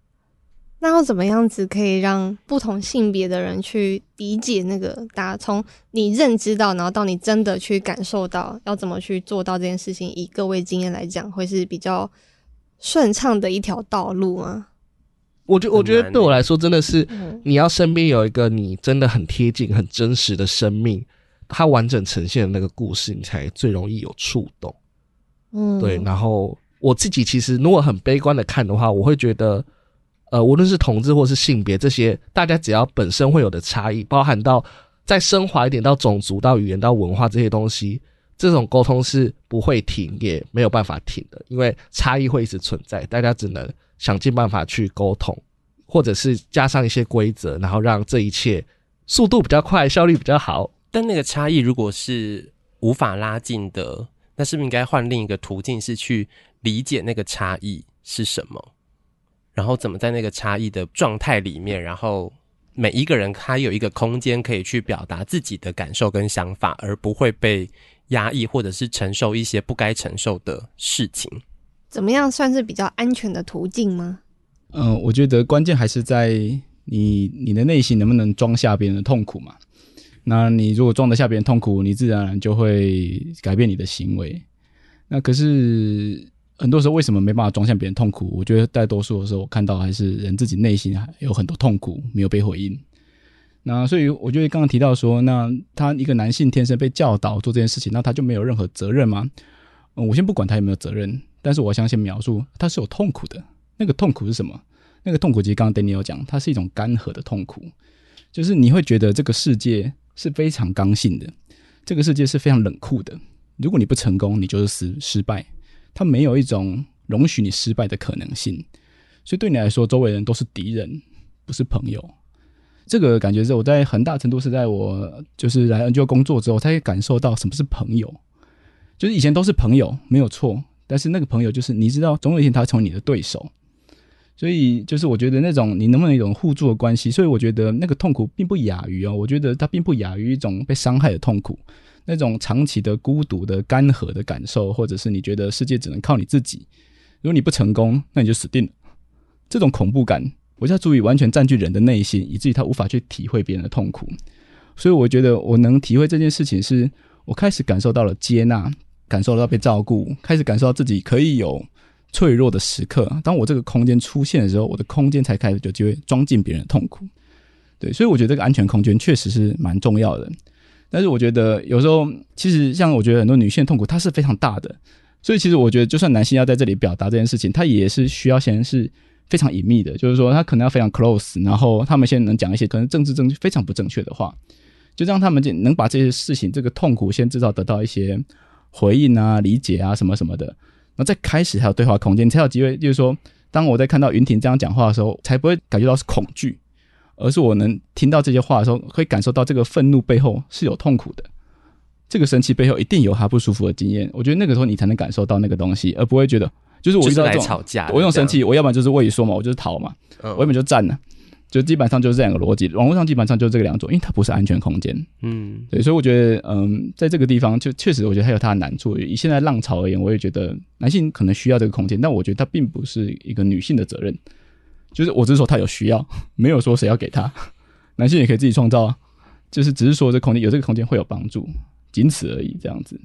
那要怎麼樣子可以讓不同性別的人去理解那個大家，打從你認知到，然後到你真的去感受到，要怎麼去做到這件事情？以各位經驗來講，會是比較順暢的一條道路嗎？我覺我覺得對我來說，真的是、嗯、你要身邊有一個你真的很貼近、很真實的生命。它完整呈現的那個故事，你才最容易有觸動。嗯，對。然後我自己其實如果很悲觀的看的話，我會覺得，呃，無論是同志或是性別這些，大家只要本身會有的差異，包含到再升華一點到種族、到語言、到文化這些東西，這種溝通是不會停，也沒有辦法停的，因為差異會一直存在。大家只能想盡辦法去溝通，或者是加上一些規則，然後讓這一切速度比較快，效率比較好。但那個差異如果是無法拉近的，那是不是應該換另一個途徑，是去理解那個差異是什麼？然後怎麼在那個差異的狀態裡面，然後每一個人他有一個空間可以去表達自己的感受跟想法，而不會被壓抑或者是承受一些不該承受的事情？怎麼樣算是比較安全的途徑嗎？嗯，我覺得關鍵還是在你，你的內心能不能裝下別人的痛苦嘛？那你如果裝得下別人痛苦，你自然而然就會改變你的行為。那可是很多時候，為什麼沒辦法裝下別人痛苦？我覺得大多數的時候，我看到還是人自己內心還有很多痛苦沒有被回應。那所以，我覺得剛剛提到說，那他一個男性天生被教導做這件事情，那他就沒有任何責任嗎？嗯，我先不管他有沒有責任，但是我相信描述他是有痛苦的。那個痛苦是什麼？那個痛苦，其實剛剛 Daniel 講，它是一種乾涸的痛苦，就是你會覺得這個世界。是非常剛性的，這個世界是非常冷酷的。如果你不成功，你就是失失敗，他沒有一種容許你失敗的可能性。所以對你來說，周圍人都是敵人，不是朋友。這個感覺是我在很大程度是在我就是來 NGO 工作之後，才感受到什麼是朋友。就是以前都是朋友，沒有錯，但是那個朋友就是你知道，總有一天他成為你的對手。所以，就是我覺得那種你能不能有一種互助的關係？所以我覺得那個痛苦並不亞於哦，我覺得它並不亞於一種被傷害的痛苦，那種長期的孤獨的乾涸的感受，或者是你覺得世界只能靠你自己，如果你不成功，那你就死定了。這種恐怖感，我覺得足以完全佔據人的內心，以至於他無法去體會別人的痛苦。所以我覺得我能體會這件事情是，是我開始感受到了接納，感受到被照顧，開始感受到自己可以有。脆弱的時刻，當我這個空間出現的時候，我的空間才開始有機會裝進別人的痛苦。對，所以我覺得這個安全空間確實是蠻重要的。但是我覺得有時候，其實像我覺得很多女性的痛苦，它是非常大的。所以其實我覺得，就算男性要在這裡表達這件事情，他也是需要先是非常隱秘的，就是說他可能要非常 close，然後他們先能講一些可能政治正確非常不正確的話，就讓他們能把這些事情、這個痛苦先至少得到一些回應啊、理解啊什麼什麼的。那在開始才有對話空間，你才有機會，就是說，當我在看到云霆這樣講話的時候，才不會感覺到是恐懼，而是我能聽到這些話的時候，會感受到這個憤怒背後是有痛苦的，這個生氣背後一定有他不舒服的經驗。我覺得那個時候你才能感受到那個東西，而不會覺得就是我遇到這種、就是來吵架，我用生氣，我要不然就是畏縮嘛，我就是逃嘛，嗯、我原本就戰了。就基本上就是這兩個邏輯，網絡上基本上就是這兩種，因為它不是安全空間。嗯，對，所以我覺得，嗯，在這個地方就確實，我覺得它有它的難處。以現在浪潮而言，我也覺得男性可能需要這個空間，但我覺得它並不是一個女性的責任。就是我只是說他有需要，沒有說誰要給他。男性也可以自己創造，就是只是說這空間有這個空間會有幫助，僅此而已，這樣子。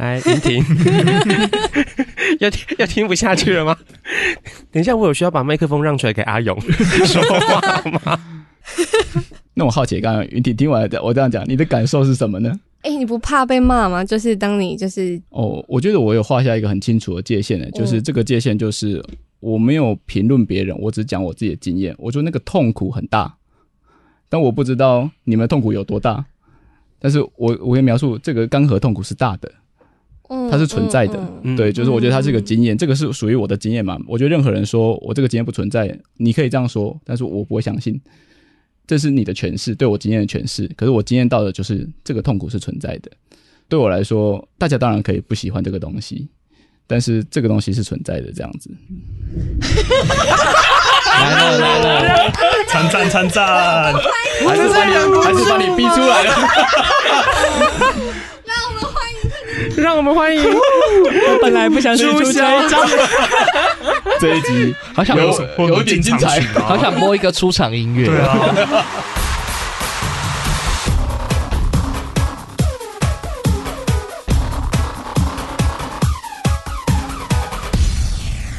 哎，雲婷， 要聽要聽不下去了嗎？等一下，我有需要把麥克風讓出來給阿勇說話嗎？ 那我好奇剛剛，剛剛雲婷聽完，我這樣講，你的感受是什麼呢？哎、欸，你不怕被罵嗎？就是當你就是……哦，我覺得我有畫下一個很清楚的界限耶，就是這個界限就是我沒有評論別人，我只講我自己的經驗。我覺得那個痛苦很大，但我不知道你們的痛苦有多大，但是我我可以描述，這個剛和痛苦是大的。它是存在的，嗯，對，就是我覺得它是一個經驗，嗯，這個是屬於我的經驗嘛，嗯，我覺得任何人說我這個經驗不存在，你可以這樣說，但是我不會相信，這是你的詮釋，對我經驗的詮釋。可是我經驗到的就是這個痛苦是存在的。對我來說，大家當然可以不喜歡這個東西，但是這個東西是存在的，這樣子。 來了來了來，參戰參戰， 還是把你 還是把你逼出來了。 讓我們歡迎！ 我本來不想輸出這一章， 這一集 好像有有點精彩， 好想播一個出場音樂。對啊。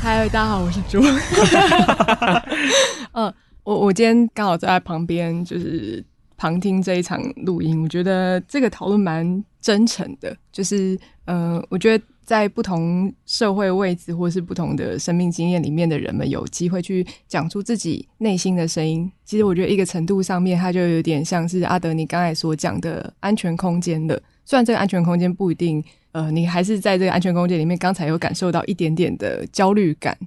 Hi, 大家好，我是豬。嗯、 呃，我我今天剛好坐在旁邊，就是。常聽這一場錄音，我覺得這個討論蠻真誠的。就是，呃，我覺得在不同社會位置或是不同的生命經驗裡面的人們，有機會去講出自己內心的聲音。其實，我覺得一個程度上面，它就有點像是阿德你剛才所講的安全空間的。雖然這個安全空間不一定，呃，你還是在這個安全空間裡面，剛才有感受到一點點的焦慮感，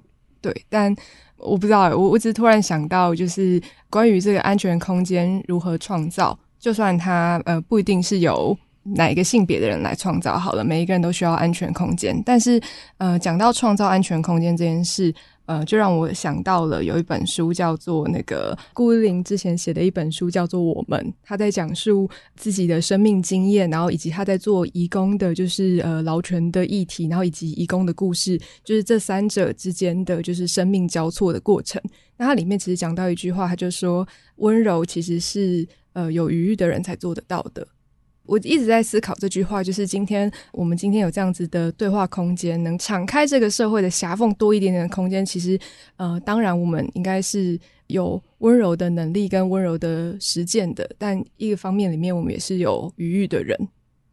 對，但。我不知道，我我只突然想到，就是關於這個安全空間如何創造，就算他呃不一定是由哪一個性別的人來創造好了，每一個人都需要安全空間，但是呃講到創造安全空間這件事。呃，就讓我想到了有一本書，叫做那個顧玉玲之前寫的一本書，叫做《我們》。她在講述自己的生命經驗，然後以及她在做移工的，就是呃勞權的議題，然後以及移工的故事，就是這三者之間的就是生命交錯的過程。那他裡面其實講到一句話，他就說：“溫柔其實是呃有餘裕的人才做得到的。”我一直在思考這句話，就是今天我們今天有這樣子的對話空間，能敞開這個社會的狹縫多一點點的空間。其實，呃，當然我們應該是有溫柔的能力跟溫柔的實踐的，但一個方面裡面，我們也是有餘裕的人。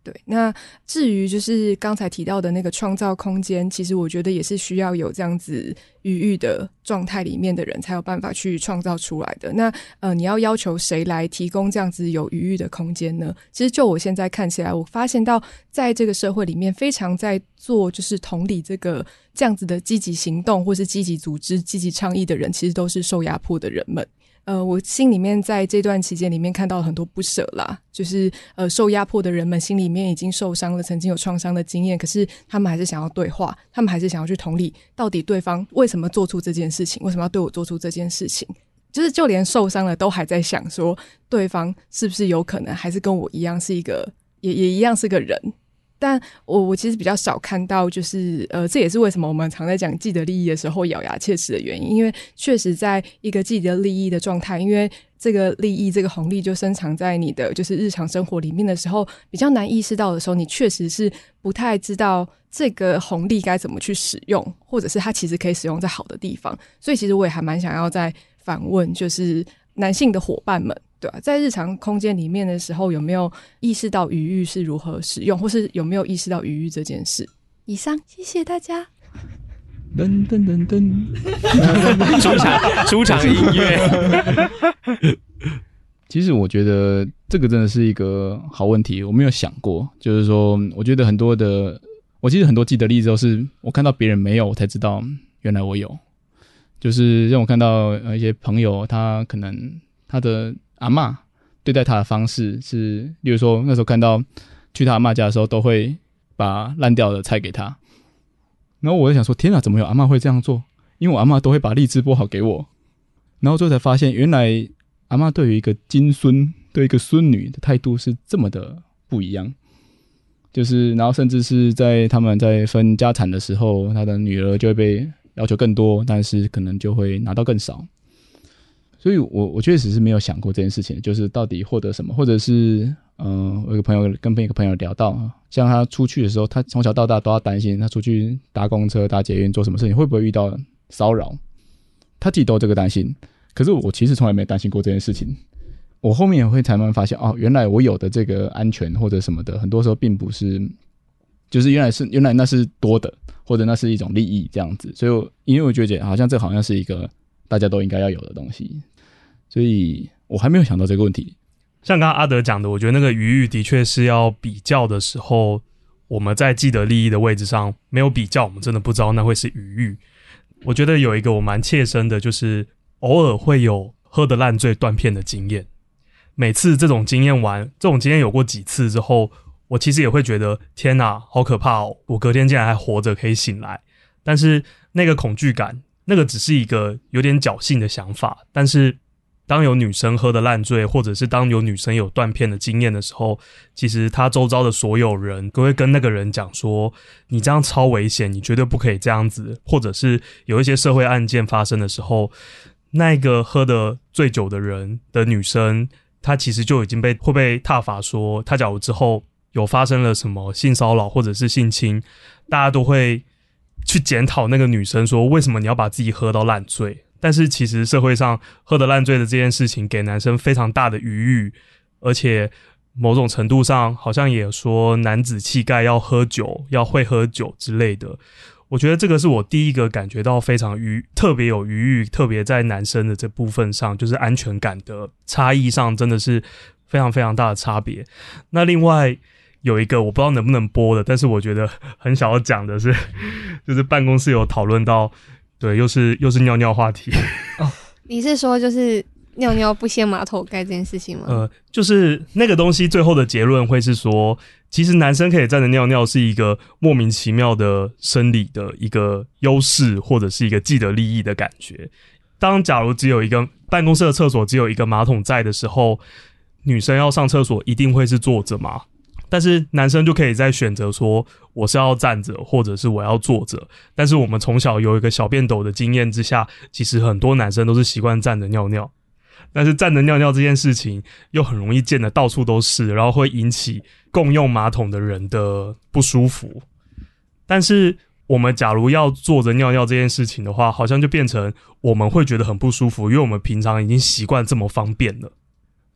對，那至於就是剛才提到的那個創造空間，其實我覺得也是需要有這樣子餘裕的狀態裡面的人，才有辦法去創造出來的。那呃，你要要求誰來提供這樣子有餘裕的空間呢？其實就我現在看起來，我發現到在這個社會裡面，非常在做就是同理這個這樣子的積極行動或是積極組織、積極倡議的人，其實都是受壓迫的人們。呃，我心裡面在這段期間裡面看到很多不捨啦，就是呃，受壓迫的人們心裡面已經受傷了，曾經有創傷的經驗，可是他們還是想要對話，他們還是想要去同理，到底對方為什麼做出這件事情，為什麼要對我做出這件事情，就是就連受傷了都還在想說，對方是不是有可能還是跟我一樣是一個，也也一樣是個人。但我我其實比較少看到，就是呃，這也是為什麼我們常在講既得利益的時候咬牙切齒的原因，因為確實在一個既得利益的狀態，因為這個利益這個紅利就深藏在你的就是日常生活裡面的時候，比較難意識到的時候，你確實是不太知道這個紅利該怎麼去使用，或者是它其實可以使用在好的地方。所以其實我也還蠻想要再反問，就是男性的夥伴們。對啊，在日常空間裡面的時候，有沒有意識到餘裕是如何使用，或是有沒有意識到餘裕這件事？以上，謝謝大家。噔噔噔噔，出場出場音樂。 其實我覺得這個真的是一個好問題，我沒有想過。就是說，我覺得很多的，我其實很多記得的例子都是我看到別人沒有，我才知道原來我有。就是讓我看到一些朋友，他可能他的。阿嬤對待他的方式是，例如說那時候看到去他阿嬤家的時候，都會把爛掉的菜給她，然後我就想說，天啊，怎麼有阿嬤會這樣做？因為我阿嬤都會把荔枝剝好給我。然後最後才發現，原來阿嬤對於一個金孫對一個孫女的態度是這麼的不一樣。就是，然後甚至是在他們在分家產的時候，他的女兒就會被要求更多，但是可能就會拿到更少。所以我，我我確實是沒有想過這件事情，就是到底獲得什麼，或者是，嗯、呃，我一個朋友跟另一個朋友聊到，像他出去的時候，他從小到大都要擔心他出去搭公車、搭捷運做什麼事情會不會遇到騷擾，他自己都這個擔心。可是我其實從來沒擔心過這件事情。我後面也會才慢慢發現，哦，原來我有的這個安全或者什麼的，很多時候並不是，就是原來是原來那是多的，或者那是一種利益這樣子。所以我，因為我覺得好像這好像是一個。大家都應該要有的東西，所以我還沒有想到這個問題。像剛剛阿德講的，我覺得那個餘裕的確是要比較的時候，我們在既得利益的位置上沒有比較，我們真的不知道那會是餘裕。我覺得有一個我蠻切身的，就是偶爾會有喝得爛醉斷片的經驗。每次這種經驗完，這種經驗有過幾次之後，我其實也會覺得天哪，好可怕哦、喔！我隔天竟然還活着可以醒來，但是那個恐懼感。那個只是一個有點僥倖的想法，但是當有女生喝得爛醉，或者是當有女生有斷片的經驗的時候，其實她周遭的所有人都會跟那個人講說：“你這樣超危險，你絕對不可以這樣子。”或者是有一些社會案件發生的時候，那個喝得醉酒的人的女生，她其實就已經被會被撻伐說：“她假如之後有發生了什麼性騷擾或者是性侵，大家都會。”去檢討那個女生說，為什麼你要把自己喝到爛醉？但是其實社會上喝得爛醉的這件事情給男生非常大的餘裕，而且某種程度上好像也說男子氣概要喝酒、要會喝酒之類的。我覺得這個是我第一個感覺到非常餘特別有餘裕，特別在男生的這部分上，就是安全感的差異上真的是非常非常大的差別。那另外。有一個我不知道能不能播的，但是我覺得很想要講的是，就是辦公室有討論到，對，又是又是尿尿話題。哦，你是說就是尿尿不掀馬桶蓋這件事情嗎？呃，就是那個東西最後的結論會是說，其實男生可以站着尿尿是一個莫名其妙的生理的一個優勢，或者是一個既得利益的感覺。當假如只有一個辦公室的廁所只有一個馬桶在的時候，女生要上廁所一定會是坐着嗎？但是男生就可以在選擇說我是要站着，或者是我要坐着。但是我們從小有一個小便斗的經驗之下，其實很多男生都是習慣站着尿尿。但是站着尿尿這件事情又很容易濺得到處都是，然後會引起共用馬桶的人的不舒服。但是我們假如要坐着尿尿這件事情的話，好像就變成我們會覺得很不舒服，因為我們平常已經習慣這麼方便了。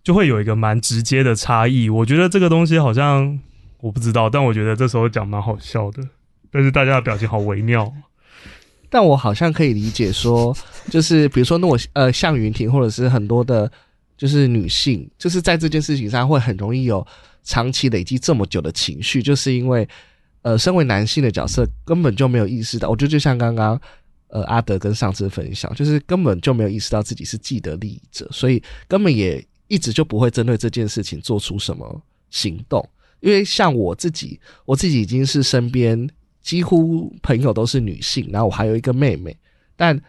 就會有一個蠻直接的差異。我覺得這個東西好像，我不知道，但我覺得這時候講蠻好笑的。但是大家的表情好微妙。但我好像可以理解說，就是比如說那我呃像雲婷或者是很多的，就是女性，就是在這件事情上會很容易有長期累積這麼久的情緒，就是因為呃身為男性的角色根本就沒有意識到。我覺得就像剛剛呃阿德跟上次分享，就是根本就沒有意識到自己是既得利益者，所以根本也。一直就不會針對這件事情做出什麼行動，因為像我自己，我自己已經是身邊幾乎朋友都是女性，然後我還有一個妹妹，但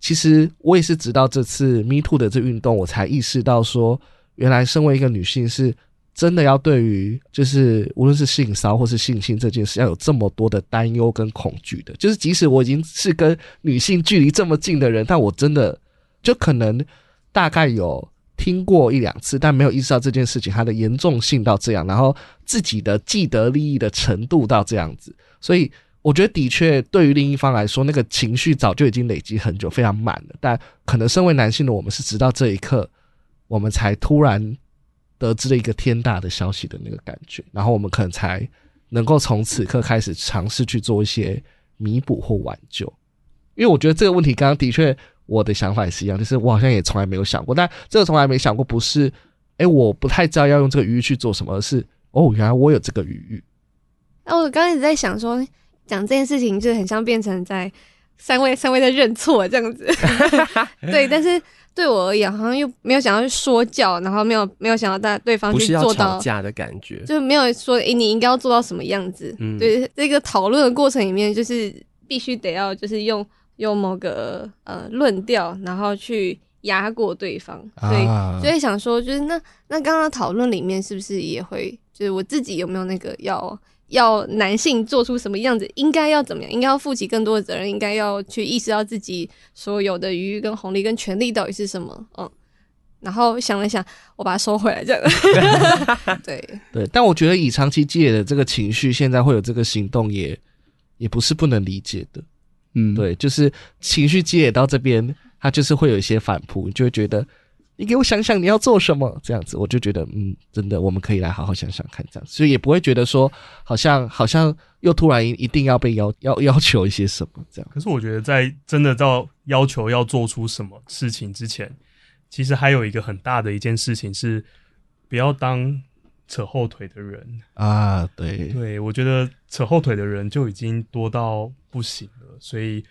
其實我也是直到這次 Me Too 的這運動，我才意識到說，原來身為一個女性，是真的要對於就是無論是性騷或是性侵這件事，要有這麼多的擔憂跟恐懼的。就是即使我已經是跟女性距離這麼近的人，但我真的就可能大概有聽過一兩次，但沒有意識到這件事情它的嚴重性到這樣，然後自己的既得利益的程度到這樣子，所以我覺得的確對於另一方來說，那個情緒早就已經累積很久，非常滿了。但可能身為男性的我們是直到這一刻，我們才突然得知了一個天大的消息的那個感覺，然後我們可能才能夠從此刻開始嘗試去做一些彌補或挽救，因為我覺得這個問題剛剛的確。我的想法也是一樣，就是我好像也從來沒有想過，但這個從來沒想過不是，誒、欸，我不太知道要用這個魚，魚去做什麼，而是哦，原來我有這個魚，魚。那、啊、我剛一直在想說，講這件事情就很像變成在三位三位在認錯這樣子， 對，但是對我而言好像又沒有想要去說教，然後沒有沒有想到帶對方去做到不是要吵架的感覺，就沒有說誒、欸，你應該要做到什麼樣子，嗯、對，這個討論的過程裡面就是必須得要就是用。用某個呃論調，然後去壓過對方，所、啊、以所以想說，就是那那剛剛討論裡面是不是也會，就是我自己有沒有那個要要男性做出什麼樣子，應該要怎麼樣，應該要負起更多的責任，應該要去意識到自己所有的餘裕跟紅利跟權利到底是什麼，嗯，然後想了想，我把它收回來，這樣， 對 對，但我覺得以長期積累的這個情緒，現在會有這個行動也，也也不是不能理解的。嗯，對，就是情緒積累到這邊，他就是會有一些反撲，你就會覺得，你給我想想你要做什麼這樣子，我就覺得，嗯，真的我們可以來好好想想看這樣子，所以也不會覺得說，好像好像又突然一定要被要要要求一些什麼這樣。可是我覺得，在真的到要求要做出什麼事情之前，其實還有一個很大的一件事情是，不要當。扯後腿的人啊，對，對，我覺得扯後腿的人就已經多到不行了，所以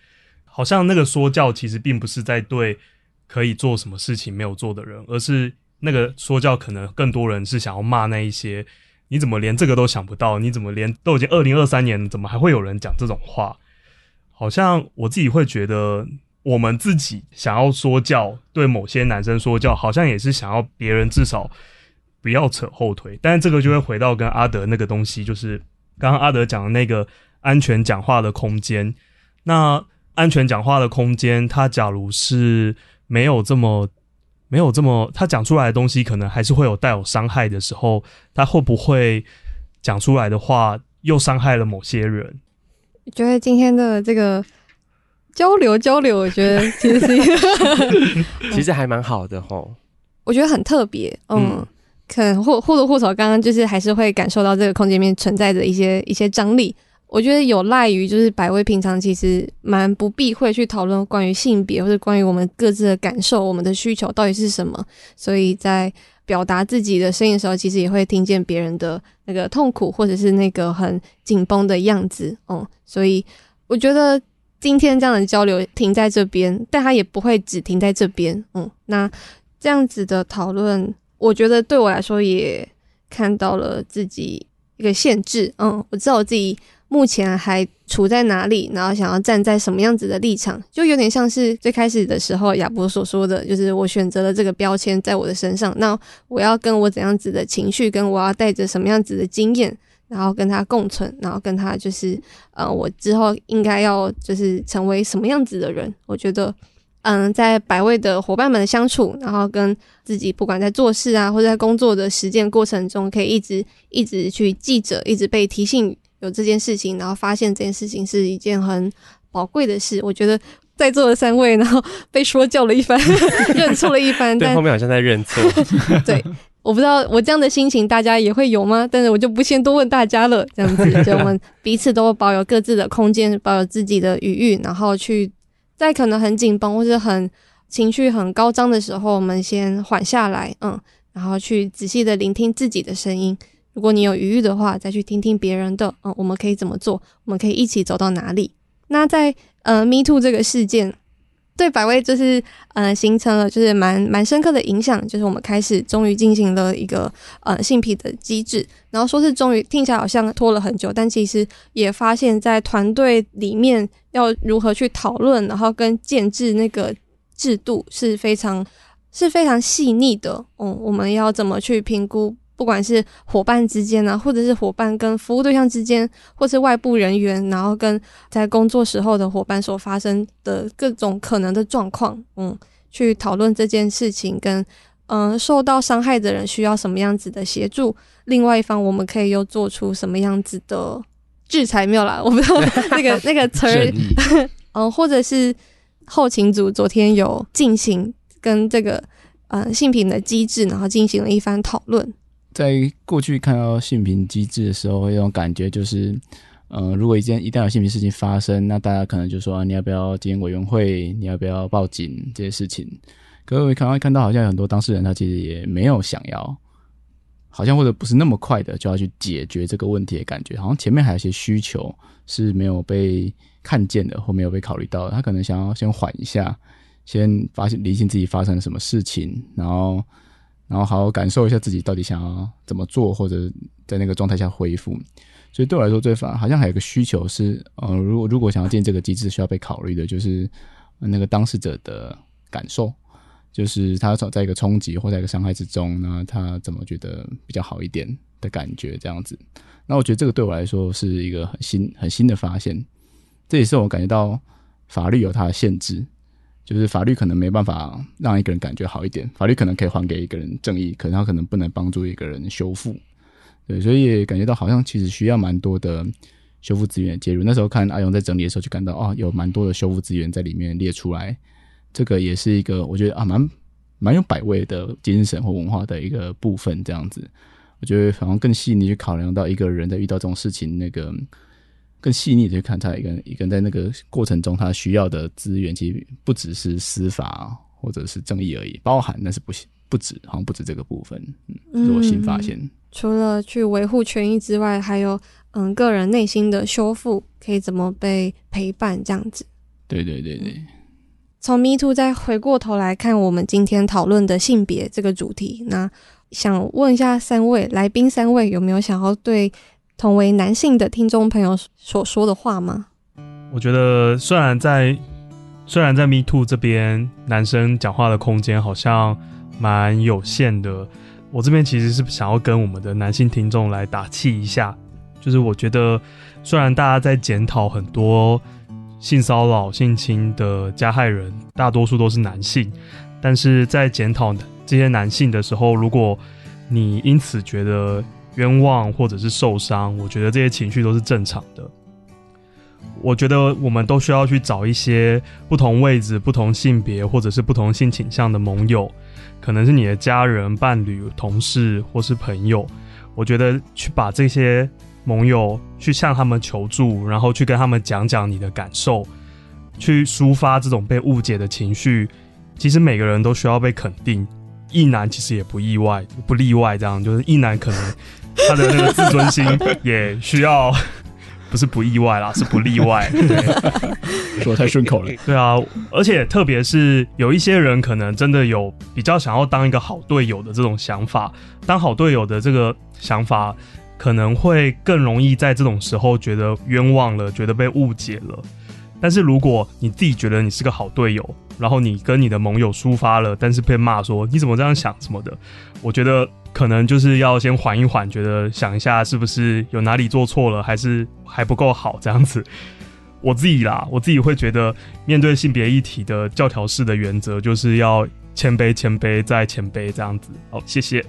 好像那個說教其實並不是在對可以做什麼事情沒有做的人，而是那個說教可能更多人是想要罵那一些，你怎麼連這個都想不到？你怎麼連都已經二零二三年，怎麼還會有人講這種話？好像我自己會覺得，我們自己想要說教，對某些男生說教，好像也是想要別人至少。不要扯後腿，但是這個就會回到跟阿德那個東西，就是剛剛阿德講的那個安全講話的空間。那安全講話的空間，他假如是沒有這麼沒有這麼，他講出來的東西可能還是會有帶有傷害的時候，他會不會講出來的話又傷害了某些人？覺得今天的這個交流交流，我覺得其實 其實還蠻好的齁 ，我覺得很特別，嗯，嗯。可能或或多或少，剛剛就是還是會感受到這個空間裡面存在着一些一些張力。我覺得有賴於就是百味平常其實蠻不避諱去討論關於性別或者關於我們各自的感受、我們的需求到底是什麼。所以在表達自己的聲音的時候，其實也會聽見別人的那個痛苦或者是那個很緊繃的樣子。嗯，所以我覺得今天這樣的交流停在這邊，但它也不會只停在這邊。嗯，那這樣子的討論。我覺得對我來說也看到了自己一個限制，嗯，我知道我自己目前還處在哪裡，然後想要站在什麼樣子的立場，就有點像是最開始的時候亞伯所說的，就是我選擇了這個標籤在我的身上，那我要跟我怎樣子的情緒，跟我要帶着什麼樣子的經驗，然後跟他共存，然後跟他就是，呃、嗯，我之後應該要就是成為什麼樣子的人，我覺得。嗯，在百味的夥伴們的相處，然後跟自己不管在做事啊，或者在工作的實踐過程中，可以一直一直去記着，一直被提醒有這件事情，然後發現這件事情是一件很寶貴的事。我覺得在座的三位，然後被說教了一番， 認錯了一番， 但對後面好像在認錯。 對，我不知道我這樣的心情大家也會有嗎？但是我就不先多問大家了，這樣子，就我們彼此都保有各自的空間，保有自己的餘裕，然後去。在可能很緊繃或者很情緒很高漲的時候，我們先緩下來，嗯，然後去仔細的聆聽自己的聲音。如果你有餘裕的話，再去聽聽別人的，嗯，我們可以怎麼做？我們可以一起走到哪裡？那在呃，Me Too 這個事件。對百味就是嗯、呃、形成了就是蠻蠻深刻的影響，就是我們開始終於進行了一個呃性平的機制，然後說是終於聽起來好像拖了很久，但其實也發現，在團隊裡面要如何去討論，然後跟建制那個制度是非常是非常細膩的，嗯，我們要怎麼去評估？不管是夥伴之間呢、啊，或者是夥伴跟服務對象之間，或是外部人員，然後跟在工作時候的夥伴所發生的各種可能的狀況，嗯，去討論這件事情跟，跟、呃、嗯受到傷害的人需要什麼樣子的協助，另外一方我們可以又做出什麼樣子的制裁沒有啦？我不知道 那個那個詞兒，嗯、 呃，或者是後勤組昨天有進行跟這個呃性平的機制，然後進行了一番討論。在過去看到性平機制的時候，有一種感覺就是，嗯、呃，如果一件一旦有性平事情發生，那大家可能就說，啊、你要不要檢舉委員會？你要不要報警？這些事情，各位看會看到好像有很多當事人，他其實也沒有想要，好像或者不是那麼快的就要去解決這個問題的感覺，好像前面還有一些需求是沒有被看見的或沒有被考慮到的，他可能想要先緩一下，先發現理清自己發生了什麼事情，然後。然後好好感受一下自己到底想要怎麼做，或者在那個狀態下恢復。所以對我來說，最煩，好像還有一個需求是，呃，如果如果想要建這個機制，需要被考慮的就是那個當事者的感受，就是他找在一個衝擊或在一個傷害之中，那他怎麼覺得比較好一點的感覺這樣子。那我覺得這個對我來說是一個很新很新的發現，這也是我感覺到法律有它的限制。就是法律可能沒辦法讓一個人感覺好一點，法律可能可以還給一個人正義，可是他可能不能幫助一個人修復。對，所以也感覺到好像其實需要蠻多的修復資源介入。那時候看阿勇在整理的時候，就感到哦，有蠻多的修復資源在裡面列出來。這個也是一個我覺得啊，蠻蠻有百味的精神或文化的一個部分。這樣子，我覺得反而更細膩去考量到一個人在遇到這種事情那個。更細膩的去看他一個一個在那個過程中他需要的資源，其實不只是司法或者是正義而已，包含那是不不止，好像不止這個部分，嗯，是我新發現，嗯。除了去維護權益之外，還有嗯個人內心的修復，可以怎麼被陪伴這樣子？對對對對。嗯、從 Me Too 再回過頭來看我們今天討論的性別這個主題，那想問一下三位來賓，三位有沒有想要對同為男性的聽眾朋友所說的話嗎？我覺得雖，雖然在雖然在 Me Too 這邊，男生講話的空間好像蠻有限的。我這邊其實是想要跟我們的男性聽眾來打氣一下，就是我覺得，雖然大家在檢討很多性騷擾、性侵的加害人，大多數都是男性，但是在檢討這些男性的時候，如果你因此覺得，冤枉，或者是受傷，我覺得這些情緒都是正常的。我覺得我們都需要去找一些不同位置、不同性別或者是不同性傾向的盟友，可能是你的家人、伴侶、同事或是朋友。我覺得去把這些盟友去向他們求助，然後去跟他們講講你的感受，去抒發這種被誤解的情緒。其實每個人都需要被肯定，異男其實也不意外，不例外。這樣就是異男可能。 他的那個自尊心也需要，不是不意外啦，是不例外。說太順口了。對啊，而且特別是有一些人，可能真的有比較想要當一個好隊友的這種想法，當好隊友的這個想法，可能會更容易在這種時候覺得冤枉了，覺得被誤解了。但是如果你自己覺得你是個好隊友，然後你跟你的盟友抒發了，但是被罵說你怎麼這樣想什麼的，我覺得。可能就是要先緩一緩，覺得想一下是不是有哪裡做錯了，還是還不夠好這樣子。我自己啦，我自己會覺得，面對性別議題的教條式的原則，就是要謙卑、謙卑再謙卑這樣子。好，謝謝。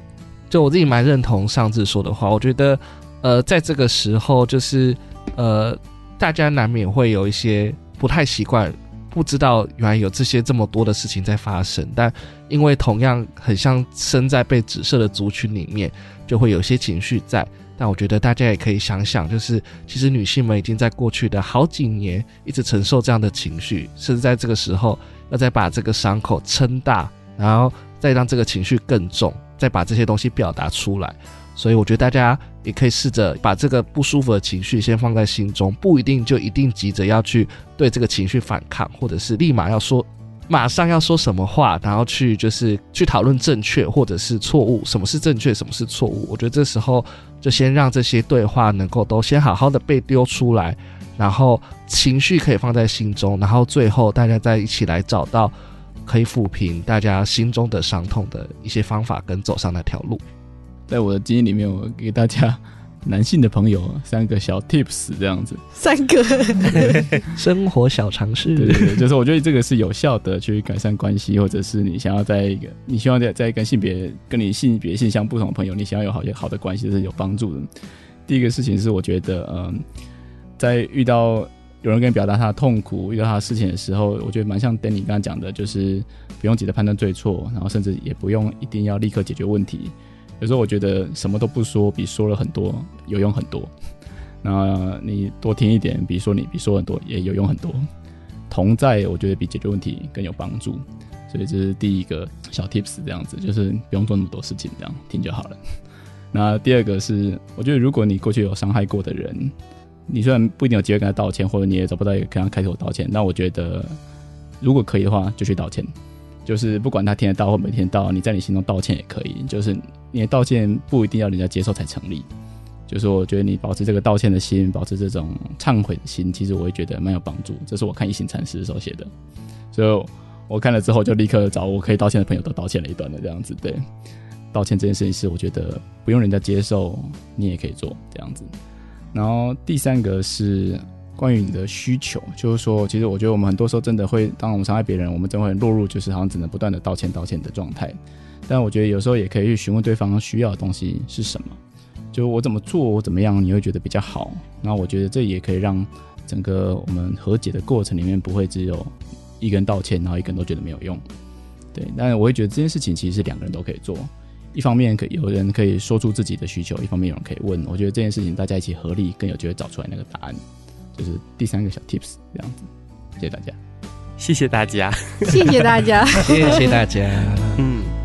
就我自己蠻認同上次說的話，我覺得，呃，在這個時候，就是呃，大家難免會有一些不太習慣。不知道原來有這些這麼多的事情在發生，但因為同樣很像身在被指涉的族群裡面，就會有些情緒在。但我覺得大家也可以想想，就是其實女性們已經在過去的好幾年一直承受這樣的情緒，甚至在這個時候要再把這個傷口撐大，然後再讓這個情緒更重，再把這些東西表達出來。所以我覺得大家也可以試着把這個不舒服的情緒先放在心中，不一定就一定急着要去對這個情緒反抗，或者是立馬要說，馬上要說什麼話，然後去就是去討論正確或者是錯誤，什麼是正確，什麼是錯誤？我覺得這時候就先讓這些對話能夠都先好好的被丟出來，然後情緒可以放在心中，然後最後大家再一起來找到可以撫平大家心中的傷痛的一些方法，跟走上那條路。在我的經驗裡面，我給大家，男性的朋友三個小 tips，這樣子三個 生活小常識。對對對，就是我覺得這個是有效的去改善關係，或者是你想要在一個你希望在在跟性別跟你性別性向不同的朋友，你想要有好些好的關係，就是有幫助的。第一個事情是，我覺得嗯，在遇到有人跟你表達他的痛苦，遇到他的事情的時候，我覺得蠻像 Danny 剛剛講的，就是不用急着判斷對錯，然後甚至也不用一定要立刻解決問題。有時候我覺得什麼都不說比說了很多有用很多。那你多聽一點，比如說你比說很多也有用很多。同在我覺得比解決問題更有幫助，所以這是第一個小 tips 這樣子，就是不用做那麼多事情，這樣聽就好了。那第二個是，我覺得如果你過去有傷害過的人，你雖然不一定有機會跟他道歉，或者你也找不到一個跟他開口道歉，那我覺得如果可以的話，就去道歉。就是不管他聽得到或沒聽到，你在你心中道歉也可以。就是你的道歉不一定要人家接受才成立。就是我覺得你保持這個道歉的心，保持這種懺悔的心，其實我也覺得蠻有幫助。這是我看一行禪師的時候寫的，所以我看了之後就立刻找我可以道歉的朋友都道歉了一段了這樣子。對，道歉這件事情是我覺得不用人家接受，你也可以做這樣子。然後第三個是。關於你的需求，就是說，其實我覺得我們很多時候真的會，當我們傷害別人，我們真的會落入就是好像只能不斷的道歉道歉的狀態。但我覺得有時候也可以去詢問對方需要的東西是什麼，就我怎麼做，我怎麼樣你會覺得比較好。那我覺得這也可以讓整個我們和解的過程裡面不會只有一根道歉，然後一根都覺得沒有用。對，但我會覺得這件事情其實是兩個人都可以做，一方面可以有人可以說出自己的需求，一方面有人可以問。我覺得這件事情大家一起合力，更有機會找出來那個答案。就是第三個小 tips 這樣子，謝謝大家，謝謝大家， 謝謝大家， 謝謝大家， 嗯。